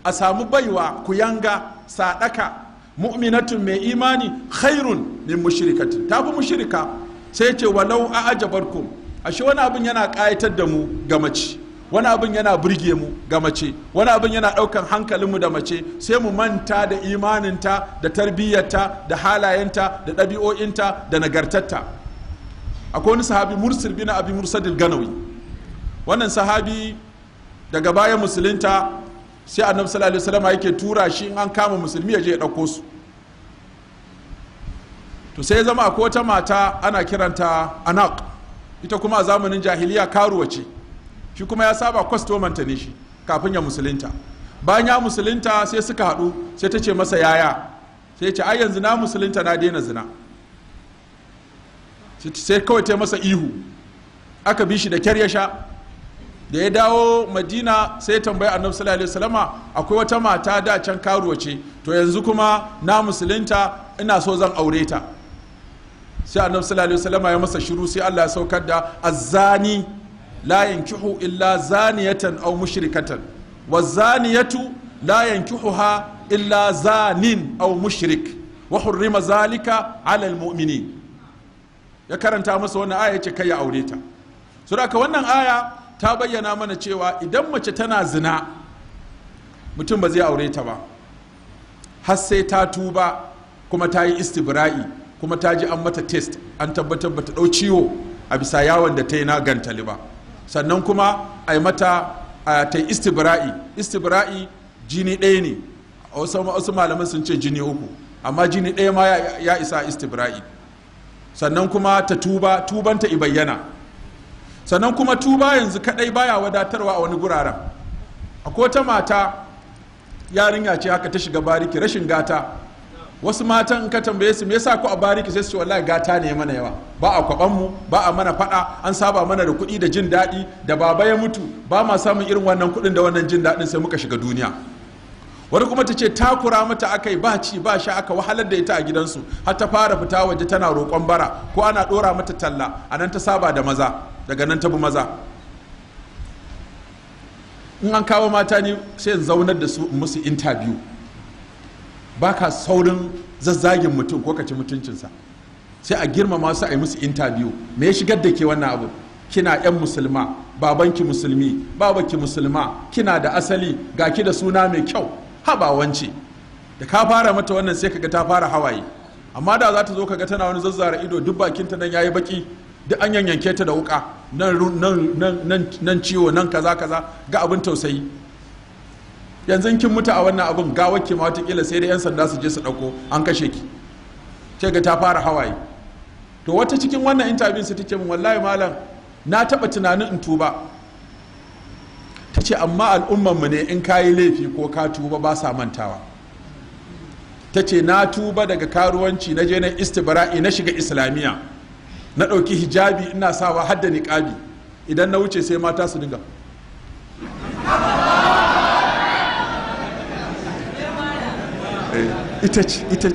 a samu baiwa ku yanga sadaka mu'minatun mai imani khairun min mushrikatin ta fi mushrika sai ce walau a ajabarkum shi wani abin yana kayatar da mu ga mace wani abin yana burge mu ga mace wani abin yana daukan hankalinmu da mace sai mu manta da imaninta da tarbiyyarta da halayenta da ɗabi'o'inta da nagartarta akwai wani sahabi mursir bin abi mursadil ganawi wannan sahabi daga bayan musulunta sai annabi sallallahu alaihi wasallam yake tura shi in an kama musulmi ya je ya dauko su to sai zama akwai wata mata ana kiranta anak ita kuma a zamanin jahiliya karuwa ce shi kuma ya saba kwastomanta ne shi kafin ya musulunta bayan ya musulunta sai suka haɗu sai ta ce masa yaya sai ce ai yanzu na musulunta na daina zina sai kawai ta masa ihu aka bi shi da kyar ya sha da ya dawo madina sai tambaya annabi sallallahu alaihi wasallama akwai wata mata da can karuwa ce to yanzu kuma na musulunta ina so zan aure ta sai annabi sallallahu alaihi wasallama ya masa shiru sai Allah ya saukar da azzani la yankihu illa zaniyatan aw mushrikatan wa wazaniyatu la yankihuha illa zanin aw mushrik wa hurrima zalika ala almu'minin ya karanta masa wannan aya ce kai ya aure ta so da wannan aya ta bayyana mana cewa idan mace tana zina mutum ba zai aure ta ba har sai ta tuba kuma ta yi istibra'i kuma ta ji an mata test an tabbatar bata ɗau ciwo a bisa yawon da ta yi na gantali ba sannan kuma a yi mata ta yi istibra'i istibra'i jini ɗaya ne A wasu malaman sun ce jini uku amma jini ɗaya ma ya isa istibra'i sannan kuma ta tuba tubanta i bayyana sannan kuma tuba yanzu kadai baya wadatarwa a wani guraren akwai ta mata yarinya ce haka ta shiga bariki rashin gata wasu matan in ka tambaye su me yasa ku a bariki sai su ce wallahi gata ne mana yawa ba a kwaban mu ba a mana fada an saba mana da kuɗi da jin daɗi da baba ya mutu ba ma samun irin wannan kuɗin da wannan jin daɗin sai muka shiga duniya wani kuma ta ce takura mata aka yi ba ci ba sha aka wahalar da ita a gidansu har ta fara fita waje tana roƙon bara ko ana ɗora mata talla a nan ta saba da maza daga nan ta bi maza in an kawo mata ne sai in zaunar da su musu interview ba ka saurin zazzagin mutum ko kaci mutuncinsa sai a girmama su a yi musu interview me ya shigar da ke wannan abu kina 'yan musulma babanki musulmi babaki musulma kina da asali ga ki da suna mai kyau haba wance da ka fara mata wannan sai kaga ta fara hawaye amma da za ta zo kaga tana wani zazzara ido duk bakinta ta nan yayi baki duk an yanyanke ta da wuka nan nan nan nan ciwo nan kaza kaza ga abin tausayi yanzu kin mutu a wannan abin ga wacce ma watakila sai da yan sanda su je su dauko an kashe ki ce ga ta fara hawaye to wata cikin wannan interview su take min wallahi malam na taba tunanin in tuba ta ce amma mu ne in ka yi laifi ko ka tuba ba sa mantawa ta ce na tuba daga karuwanci na je na istibara'i na shiga islamiyya na ɗauki hijabi ina sawa har da niƙabi idan na wuce sai mata su dinga eh, ita ce ita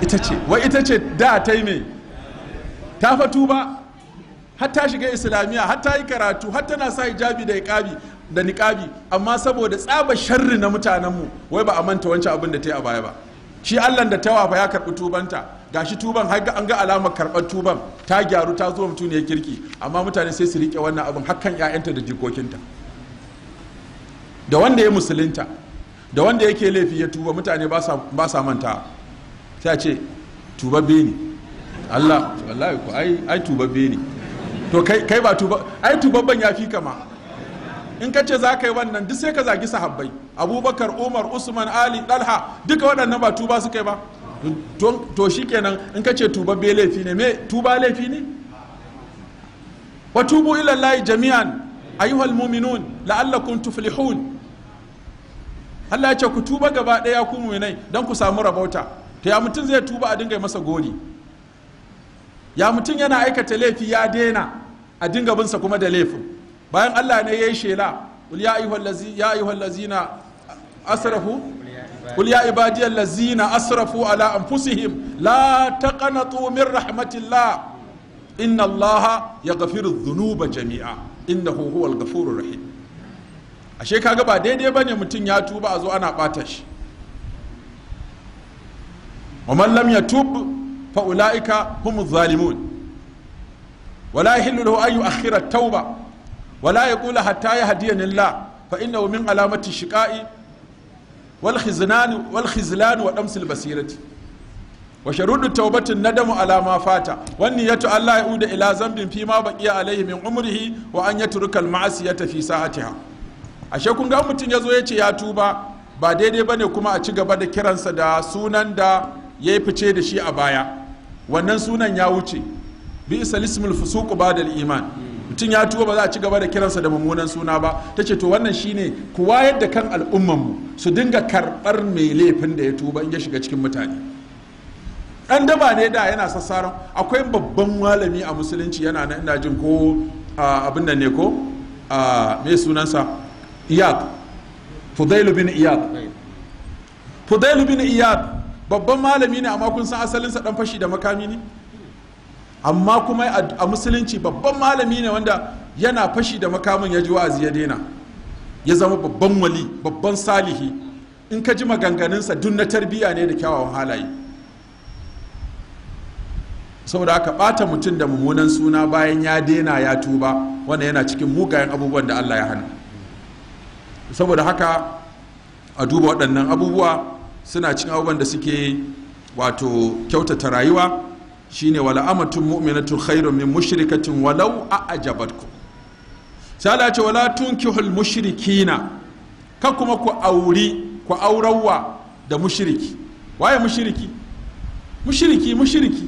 ita ita da ta yi mai ta fatu ba hatta shiga islamiyya har ta yi karatu hatta tana sa hijabi da iqabi da niqabi amma saboda tsaba sharri na mutanenmu wai ba a manta wancan abin da ta yi a baya ba shi Allah da tawafa ya karbi tubanta gashi tuban har an ga alamar karbar tuban ta gyaru ta zo mutum ne kirki amma mutane sai su rike wannan abin hakan ƴaƴanta da jikokinta da wanda ya musulunta da wanda yake laifi ya tuba mutane ba sa manta sai a ce tubabbe ne Allah wallahi ku ai ai tubabbe ne to kai ba tuba ai tubabban ya fi kama in ka ce za ka yi wannan duk sai ka zagi sahabbai abubakar umar usman ali dalha duka waɗannan ba tuba suka yi ba to shi kenan in ka ce tubabbe laifi ne me tuba laifi ne wa tubu ilallahi jami'an ayuhal mu'minun la'allakum tuflihun Allah ya ce ku tuba gaba ɗaya ku mu'minai don ku samu rabauta to ya mutum zai tuba a dinga masa gori ya mutum yana aikata laifi ya daina a dinga binsa kuma da laifin bayan allah ne ya yi shela qul ya ayyuhal lazina asrafu qul ya ibadiyal lazina asrafu ala anfusihim la taqanatu min rahmatillah inna allaha yaghfiru dhunuba jami'a innahu huwal ghafurur rahim ashe kaga ba daidai bane mutum ya tuba a zo ana bata shi wa man lam yatub fa ulaika humuz zalimun wala yahillu lahu an yu'akhkhira at-tauba wala yaqulu hatta yahdiyani Allah fa innahu min alamati shiqa'i wal khizlan wal khizlan wa damsil basirati wa sharudu taubatin nadamu ala ma fata wani ya tu Allah ya uda ila zambin fi ma baqiya alaihi min umrihi wa an yatruka al ma'asiyata fi sa'atiha ashe kun ga mutun yazo yace ya tuba ba daidai ba ne kuma a ci gaba da kiransa da sunan da yayi fice da shi a baya wannan sunan ya wuce bi isa lismul fusuqu ba iman mutum ya tuwo ba za a ci gaba da kiransa da mummunan suna ba ta ce to wannan shine ku wayar yadda kan mu su dinga karɓar mai laifin da ya tuba in ya shiga cikin mutane ɗan daba ne da yana sassaran akwai babban malami a musulunci yana nan ina jin ko abin nan ne ko mai sunansa iyad fudailu bin iyad fudailu bin iyad babban malami ne amma kun san asalinsa dan fashi da makami ne amma kuma a musulunci babban malami ne wanda yana fashi da makamin ya ji wa'azi ya daina ya zama babban wali babban salihi in ka ji maganganunsa duk na tarbiya ne da kyawawan halaye saboda aka bata mutum da mummunan suna bayan ya daina ya tuba wanda yana cikin mugayen abubuwan da allah ya hana saboda haka a duba waɗannan abubuwa suna cin abubuwan da suke wato kyautata rayuwa shine wala amatun mu'minatun khairun min mushrikatin walau a'jabatkum sai Allah ce wala tunkihul mushrikina ka kuma ku auri ku aurawa da mushriki waye mushriki mushriki mushriki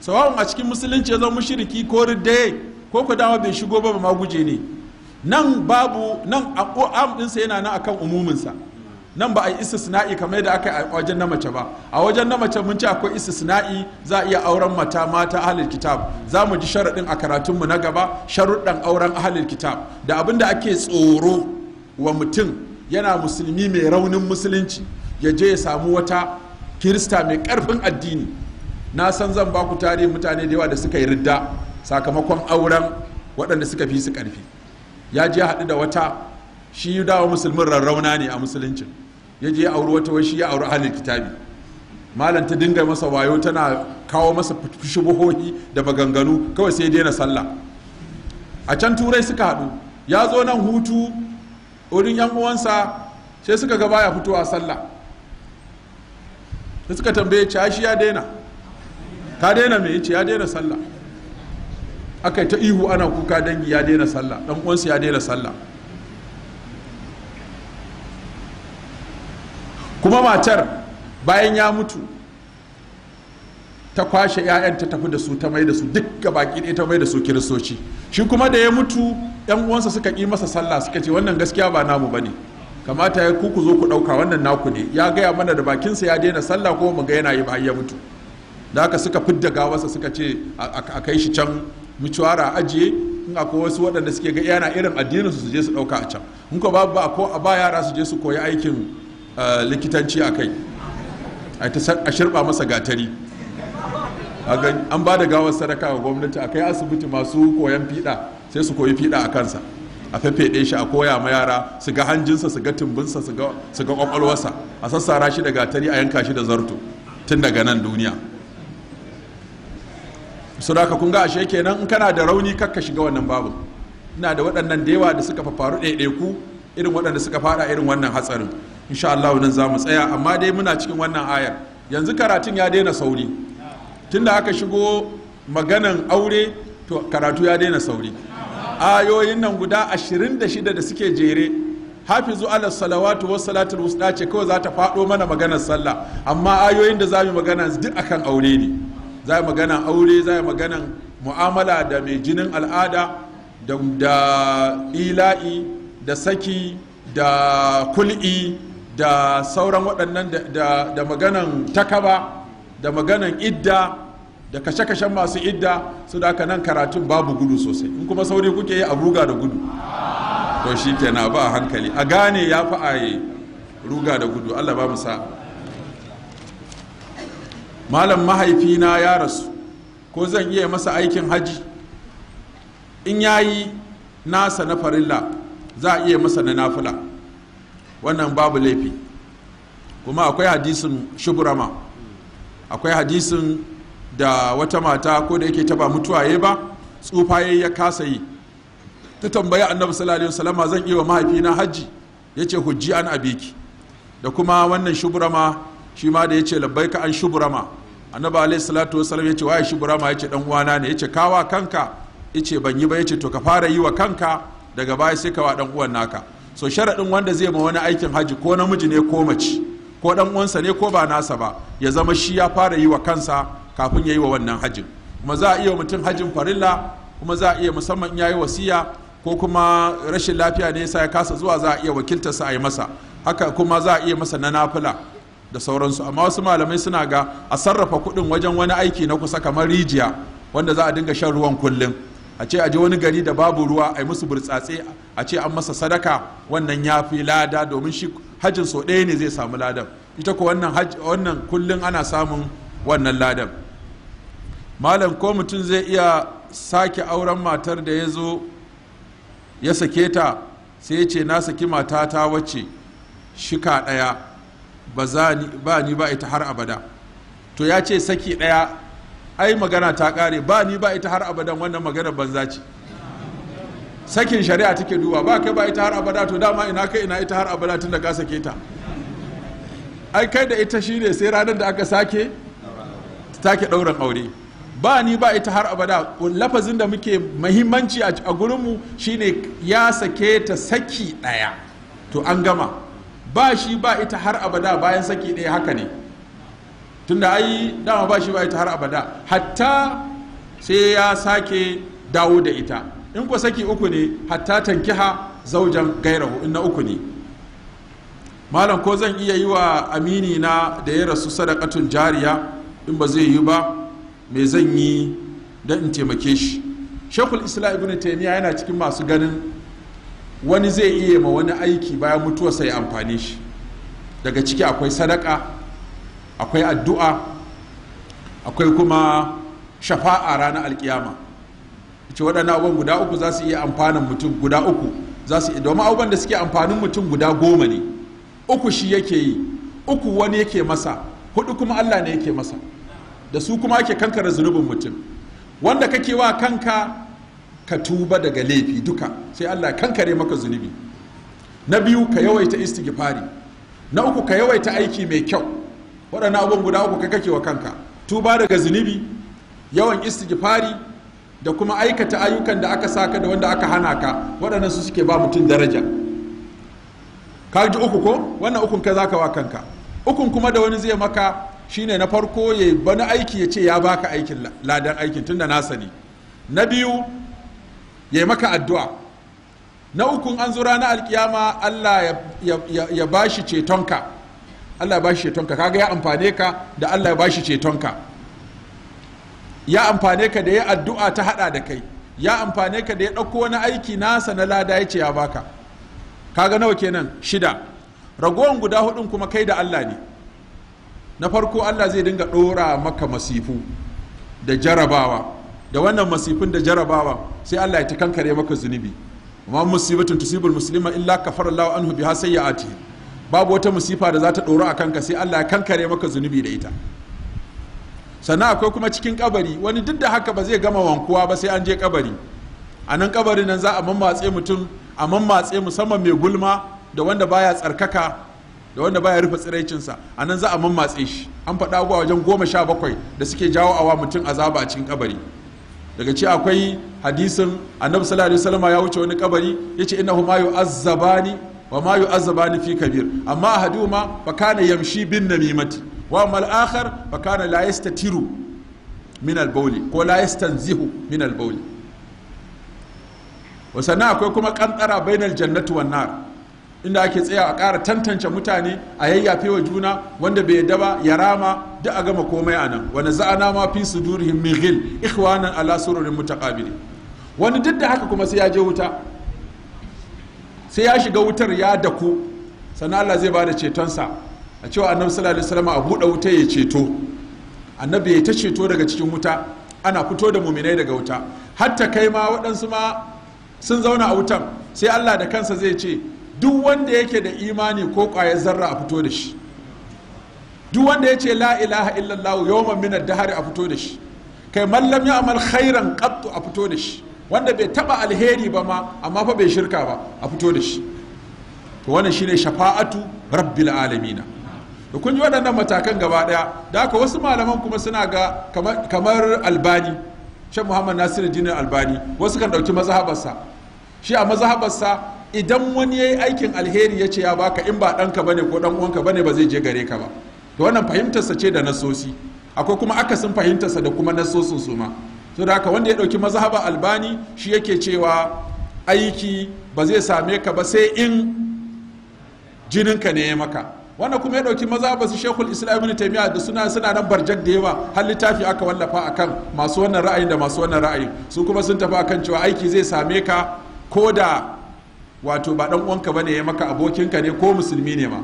sawa'un a cikin musulunci ya zama mushriki ko riddaye ko ku dama bai shigo ba ma guje ne nan babu nan a am ɗinsa yana nan akan umuminsa nan ba a yi istisna'i kamar yadda aka yi a wajen na mace ba a wajen na mace mun ce akwai istisna'i za a iya auren mata mata ahalil kitab za mu ji sharaɗin a karatunmu na gaba sharuɗan auren halin kitab da abin da ake tsoro wa mutum yana musulmi mai raunin musulunci ya je ya samu wata kirista mai ƙarfin addini na san zan ba ku tarihin mutane da yawa da suka yi ridda sakamakon auren waɗanda suka fi su ƙarfi ya je haɗu da wata shi dawa musulmin rarrauna ne a musuluncin ya je auri wata wai shi ya auri ahalin kitabi malam ta dinga masa wayo tana kawo masa shubuhohi da maganganu kawai sai daina sallah a can turai suka haɗu ya zo nan hutu wurin yan uwansa sai suka ga baya fitowa sallah sai suka tambaye ci shi ya daina ka daina me yace ya daina sallah aka yi ta ihu ana kuka dangi ya daina sallah dan uwansa ya daina sallah kuma matar bayan ya mutu ta kwashe 'ya'yan ta tafi da su ta mai da su duk ga baki ɗaya ta mai da su kiristoci shi kuma da ya mutu 'yan uwansa suka ƙi masa sallah suka ce wannan gaskiya ba namu bane kamata ya ku zo ku ɗauka wannan naku ne ya gaya mana da bakinsa ya daina sallah ko mu ga yana yi bayan ya mutu da haka suka fidda gawarsa suka ce a kai shi can mucuwara ajiye in akwai wasu waɗanda suke ga yana irin addinin su su je su ɗauka a can in ko babu ba ko a ba yara su je su koyi aikin likitanci a kai a shirba masa gatari an ba da gawar sadaka ga gwamnati a kai asibiti masu koyan fiɗa sai su koyi fiɗa a kansa a fefeɗe shi a koya ma yara su ga hanjinsa su ga tumbinsa su ga kwakwalwarsa a sassara shi da gatari a yanka shi da zarto tun daga nan duniya su da kun ga ashe kenan in kana da rauni kakka shiga wannan babu ina da waɗannan da yawa da suka faru ɗaiɗaiku irin waɗanda suka fada irin wannan hatsarin insha Allah nan za mu tsaya amma dai muna cikin wannan ayar yanzu karatun ya daina sauri tunda aka shigo maganan aure to karatu ya daina sauri ayoyin nan guda 26 da suke jere hafizu ala salawatu wa salatul wusta ce kawai za ta faɗo mana maganar sallah amma ayoyin da za mu magana duk akan aure ne za mu magana aure za mu magana mu'amala da mai jinin al'ada da ila'i da saki da kul'i da sauran waɗannan da maganan takaba da maganan idda da kashe-kashen masu idda su da nan karatun babu gudu sosai in kuma sauri kuke yi a ruga da gudu to shi kenan ba hankali a gane ya fi a ruga da gudu allah ba musa malam mahaifina ya rasu ko zan iya masa aikin haji in yayi nasa na farilla za a iya masa na nafula. wannan babu laifi kuma akwai hadisin shuburama akwai hadisin da wata mata ko da yake taba mutuwaye ba tsufaye ya kasa yi ta tambayi annabi sallallahu alaihi zan iya wa mahaifina hajji yace hujji an abiki da kuma wannan shuburama shi ma da yace labbaika an shuburama annabi alaihi salatu wasallam yace waye shuburama yace dan uwana ne yace kawa kanka yace ban yi ba yace to ka fara yi wa kanka daga baya sai ka wa dan uwan naka so sharaɗin wanda zai ma wani aikin haji ko namiji ne ko mace ko ɗan uwansa ne ko ba nasa ba ya zama shi ya fara yi wa kansa kafin ya yi wa wannan hajin kuma za a iya mutum hajin farilla kuma za a iya musamman ya yi wasiya ko kuma rashin lafiya ne sa ya kasa zuwa za a iya wakiltarsa a yi masa haka kuma za a iya masa na nafila da sauransu amma wasu malamai suna ga a sarrafa kuɗin wajen wani aiki na kusa kamar rijiya wanda za a dinga shan ruwan kullum a ce aje wani gari da babu ruwa a musu burtsatse a ce an masa sadaka wannan ya fi lada domin shi hajjin so ɗaya ne zai samu ladan ita ko wannan wannan kullum ana samun wannan ladan malam ko mutum zai iya sake auren matar da ya zo ya sake ta sai ce na saki matata wacce shika ɗaya ba ni ba ita har abada to ya ce saki ɗaya ai magana ta kare ba ni ba ita har abadan wannan magana banza ce sakin shari'a take duba ba kai ba ita har abada to dama ina kai ina ita har abada tun da ka sake ta ai kai da ita shine sai ranar da aka sake ta take ɗaurin aure ba ni ba ita har abada lafazin da muke mahimmanci a gurinmu shine ya sake ta saki ɗaya to an gama ba shi ba ita har abada bayan saki ɗaya haka ne tunda ai dama ba shi ba ita har abada hatta sai ya sake dawo da ita in ku saki uku ne hatta tankiha zaujan gairahu in na uku ne malam ko zan iya yi wa amini na da ya rasu sadakatun jariya in ba zai yi ba mai zan yi don in taimake shi shekul islam ibn taimiyya yana cikin masu ganin wani zai iya ma wani aiki bayan mutuwa sai amfani shi daga ciki akwai sadaka akwai addu'a akwai kuma shafa'a ranar alkiyama ce waɗannan abubuwan guda uku za su iya amfanin mutum guda uku za su iya domin abubuwan da suke amfanin mutum guda goma ne uku shi yake yi uku wani yake masa hudu kuma allah ne yake masa da su kuma ake kankara zunubin mutum wanda kake wa kanka ka tuba daga laifi duka sai allah kankare maka zunubi na biyu ka yawaita istighfari na uku ka yawaita aiki mai kyau waɗannan abubuwan guda uku kai kake wa kanka tuba daga zunubi yawan istighfari da kuma aikata ayyukan da aka saka da wanda aka hana ka waɗannan su suke ba mutum daraja ka ji uku ko wannan ukun ka zaka wa kanka ukun kuma da wani zai maka shine na farko ya bani aiki ya ce ya baka aikin ladan aikin tunda na sani na biyu ya maka addu'a na ukun an zura na alkiyama Allah ya, ya, ya, ya bashi cetonka Allah ya bashi Ka kaga ya amfane ka da Allah ya bashi ka, ya amfane ka da ya addu'a ta hada da kai ya amfane ka da ya ɗauko wani aiki nasa na lada ya ce ya baka kaga nawa kenan shida ragowan guda hudun kuma kai da Allah ne na farko Allah zai dinga ɗora maka masifu da jarabawa da wannan masifin da jarabawa sai Allah ya ta kankare maka zunubi amma musibatun tusibul muslima illa kafara Allahu anhu biha sayyi'atihi babu wata musifa da za ta ɗoro a kanka sai Allah ya kankare maka zunubi da ita sannan akwai kuma cikin kabari wani duk da haka ba zai gama wankuwa ba sai an je kabari a nan kabarin nan za a mammatse mutum a mammatse musamman mai gulma da wanda baya tsarkaka da wanda baya rufe tsiraicinsa a nan za a mammatse shi an faɗa a wajen goma sha bakwai da suke jawo awa mutum azaba a cikin kabari daga ce akwai hadisin annabi sallallahu alaihi wasallam ya wuce wani kabari yace innahu ma yu'azzabani wa ma yu'azzabani fi kabir amma ahaduhuma fa kana yamshi bin namimati wa mal akhar fa kana la yastatiru min al bawli ko la yastanzihu min al bawli wa sana akwai kuma kantara bainal jannati wan nar inda ake tsaya a ƙara tantance mutane a yayyafe wa juna wanda bai yadda ba ya rama duk a gama komai a nan wani za'ana ma fi sudurihim min ghil ikhwanan ala sururin mutaqabili wani duk da haka kuma sai ya je wuta sai ya shiga wutar ya dako sannan Allah zai ba da cetonsa a cewa annabi sallallahu alaihi wasallam a buɗe wuta ya ceto annabi ya ta ceto daga cikin wuta ana fito da muminai daga wuta hatta kai ma waɗansu ma sun zauna a wutan sai Allah da kansa zai ce duk wanda yake da imani ko ƙwayar zarra a fito da shi duk wanda ya ce la ilaha illallah yawman min ad-dahr a fito da shi kai mallam ya amal khairan qattu a fito da shi wanda bai taba alheri ba ma amma fa bai shirka ba a fito da shi to wannan shine shafa'atu rabbil alamina da kun yi waɗannan matakan gaba ɗaya da haka wasu malaman kuma suna ga kamar albani shan muhammad nasiru dinin albani wasu kan ɗauki mazhabarsa shi a mazhabarsa idan wani yayi aikin alheri ya ce ya baka in ba ɗanka bane ko ɗan uwanka bane ba zai je gare ka ba to wannan fahimtarsa ce da nasosi akwai kuma akasin fahimtarsa da kuma nasosin su ma to da haka wanda ya ɗauki mazhaba albani shi yake cewa aiki ba zai same ka ba sai in jininka ne ya maka wanda kuma ya dauki mazhaba su shekul islam ibn taymiya da suna suna nan barjak da yawa har littafi aka wallafa akan masu wannan ra'ayin da masu wannan ra'ayin su kuma sun tafi akan cewa aiki zai same ka ko da wato ba dan uwanka bane ya maka abokinka ne ko musulmi ne ma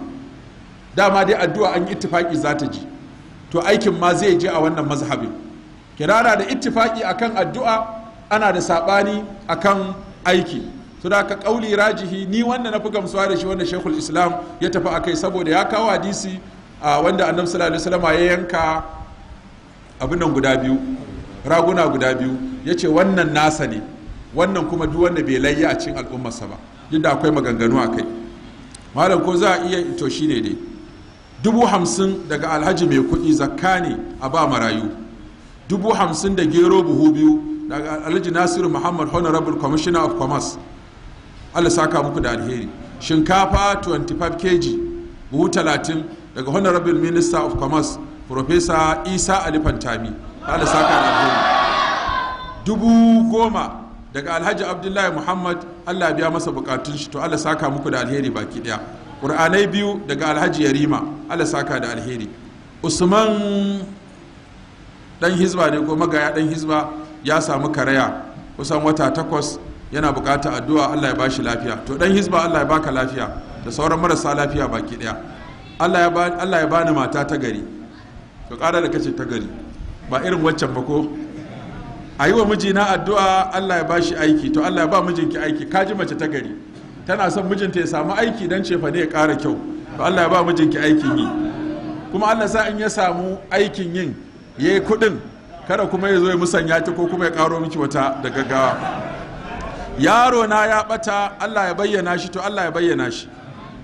dama dai addu'a an ittifaki za ta ji to aikin ma zai je a wannan mazhabin kirana da ittifaki akan addu'a ana da sabani akan aiki to da ka kauli rajihi ni wanda na fi gamsuwa da shi wanda shekul islam ya tafi a kai saboda ya kawo hadisi a wanda annabi sallallahu alaihi wasallam ya yanka abin nan guda biyu raguna guda biyu yace wannan nasa ne wannan kuma duk wanda bai layya a cikin al'ummarsa ba yadda akwai maganganu a kai malam ko za a iya to shine dai dubu hamsin daga alhaji mai kuɗi zakka ne a ba marayu dubu hamsin da gero buhu biyu daga alhaji nasiru muhammad honorable commissioner of commerce allah saka muku da alheri shinkafa 25 kg buhu 30 daga honorable minister of commerce professor isa ali fantami allah saka da alheri dubu goma daga alhaji abdullahi muhammad allah biya masa bukatun shi to allah saka muku da alheri baki daya ƙur'anai biyu daga alhaji yarima allah saka da alheri usman dan hizba ne ko magaya dan hizba ya samu karaya kusan wata takwas yana bukata addu'a Allah ya bashi lafiya to dan hizba Allah ya baka lafiya da sauran marasa lafiya baki daya Allah ya Allah ya bani mata ta gari to ƙara da kace ta gari ba irin waccan ba ko a yi mijina addu'a Allah ya bashi aiki to Allah ya ba mijinki aiki kaji mace ta gari tana son mijinta ya samu aiki don cefa ne ya ƙara kyau to Allah ya ba mijinki aikin yi kuma Allah sa in ya samu aikin yin ya yi kuɗin kada kuma ya zo ya musanya ta ko kuma ya karo miki wata da gaggawa yaro na ya ɓata allah ya bayyana shi to allah ya bayyana shi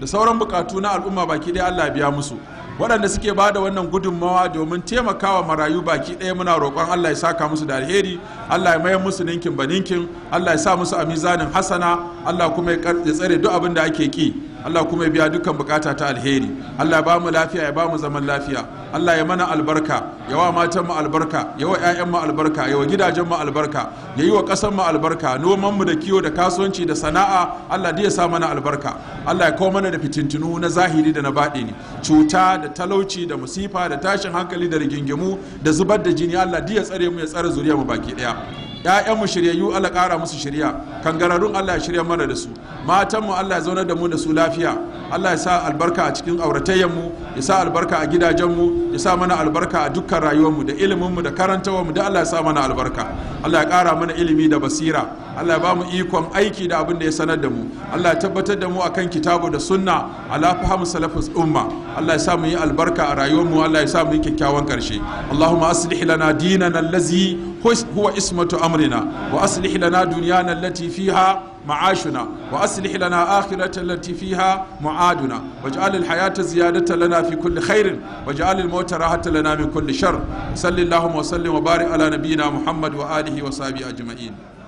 da sauran bukatu na al'umma baki ɗaya allah ya biya musu waɗanda suke ba da wannan gudunmawa domin taimakawa marayu baki ɗaya muna roƙon allah ya saka musu da alheri allah ya mayar musu ninkin ba ninkin allah ya sa musu a mizanin hasana allah kuma ya tsare duk abin da ake ki Allah kuma ya biya dukkan bukata ta alheri Allah ya bamu lafiya ya bamu zaman lafiya Allah ya mana albarka ya wa matan mu albarka ya wa ƴaƴan mu albarka ya wa gidajen mu albarka ya yi wa ƙasar mu albarka noman mu da kiwo da kasuwanci da sana'a Allah da ya sa mana albarka Allah ya kawo mana da fitintunu na zahiri da na baɗini cuta da talauci da musifa da tashin hankali da rigingimu da zubar da jini Allah da ya tsare mu ya tsare zuriya mu baki ɗaya ‘ya'yanmu shiryayyu Allah ƙara musu shirya kangararrun Allah ya shirya mana da su mu Allah ya zaunar da mu da su lafiya Allah ya sa albarka a cikin auratayyanmu ya sa albarka a gidajenmu ya sa mana albarka a dukkan rayuwarmu da ilimin mu da mu da Allah ya sa mana albarka Allah ya ƙara mana ilimi da basira Allah ya ba mu ikon aiki da abin da ya sanar da mu Allah ya tabbatar da mu akan kitabu da sunna ala fahimu salafus umma Allah ya sa mu yi albarka a rayuwarmu Allah ya sa mu yi kyakkyawan ƙarshe Allahumma aslih lana dinana allazi huwa ismatu أمرنا وأصلح لنا دنيانا التي فيها معاشنا وأصلح لنا آخرة التي فيها معادنا واجعل الحياة زيادة لنا في كل خير واجعل الموت راحة لنا من كل شر صل اللهم وسلم وبارك على نبينا محمد وآله وصحبه أجمعين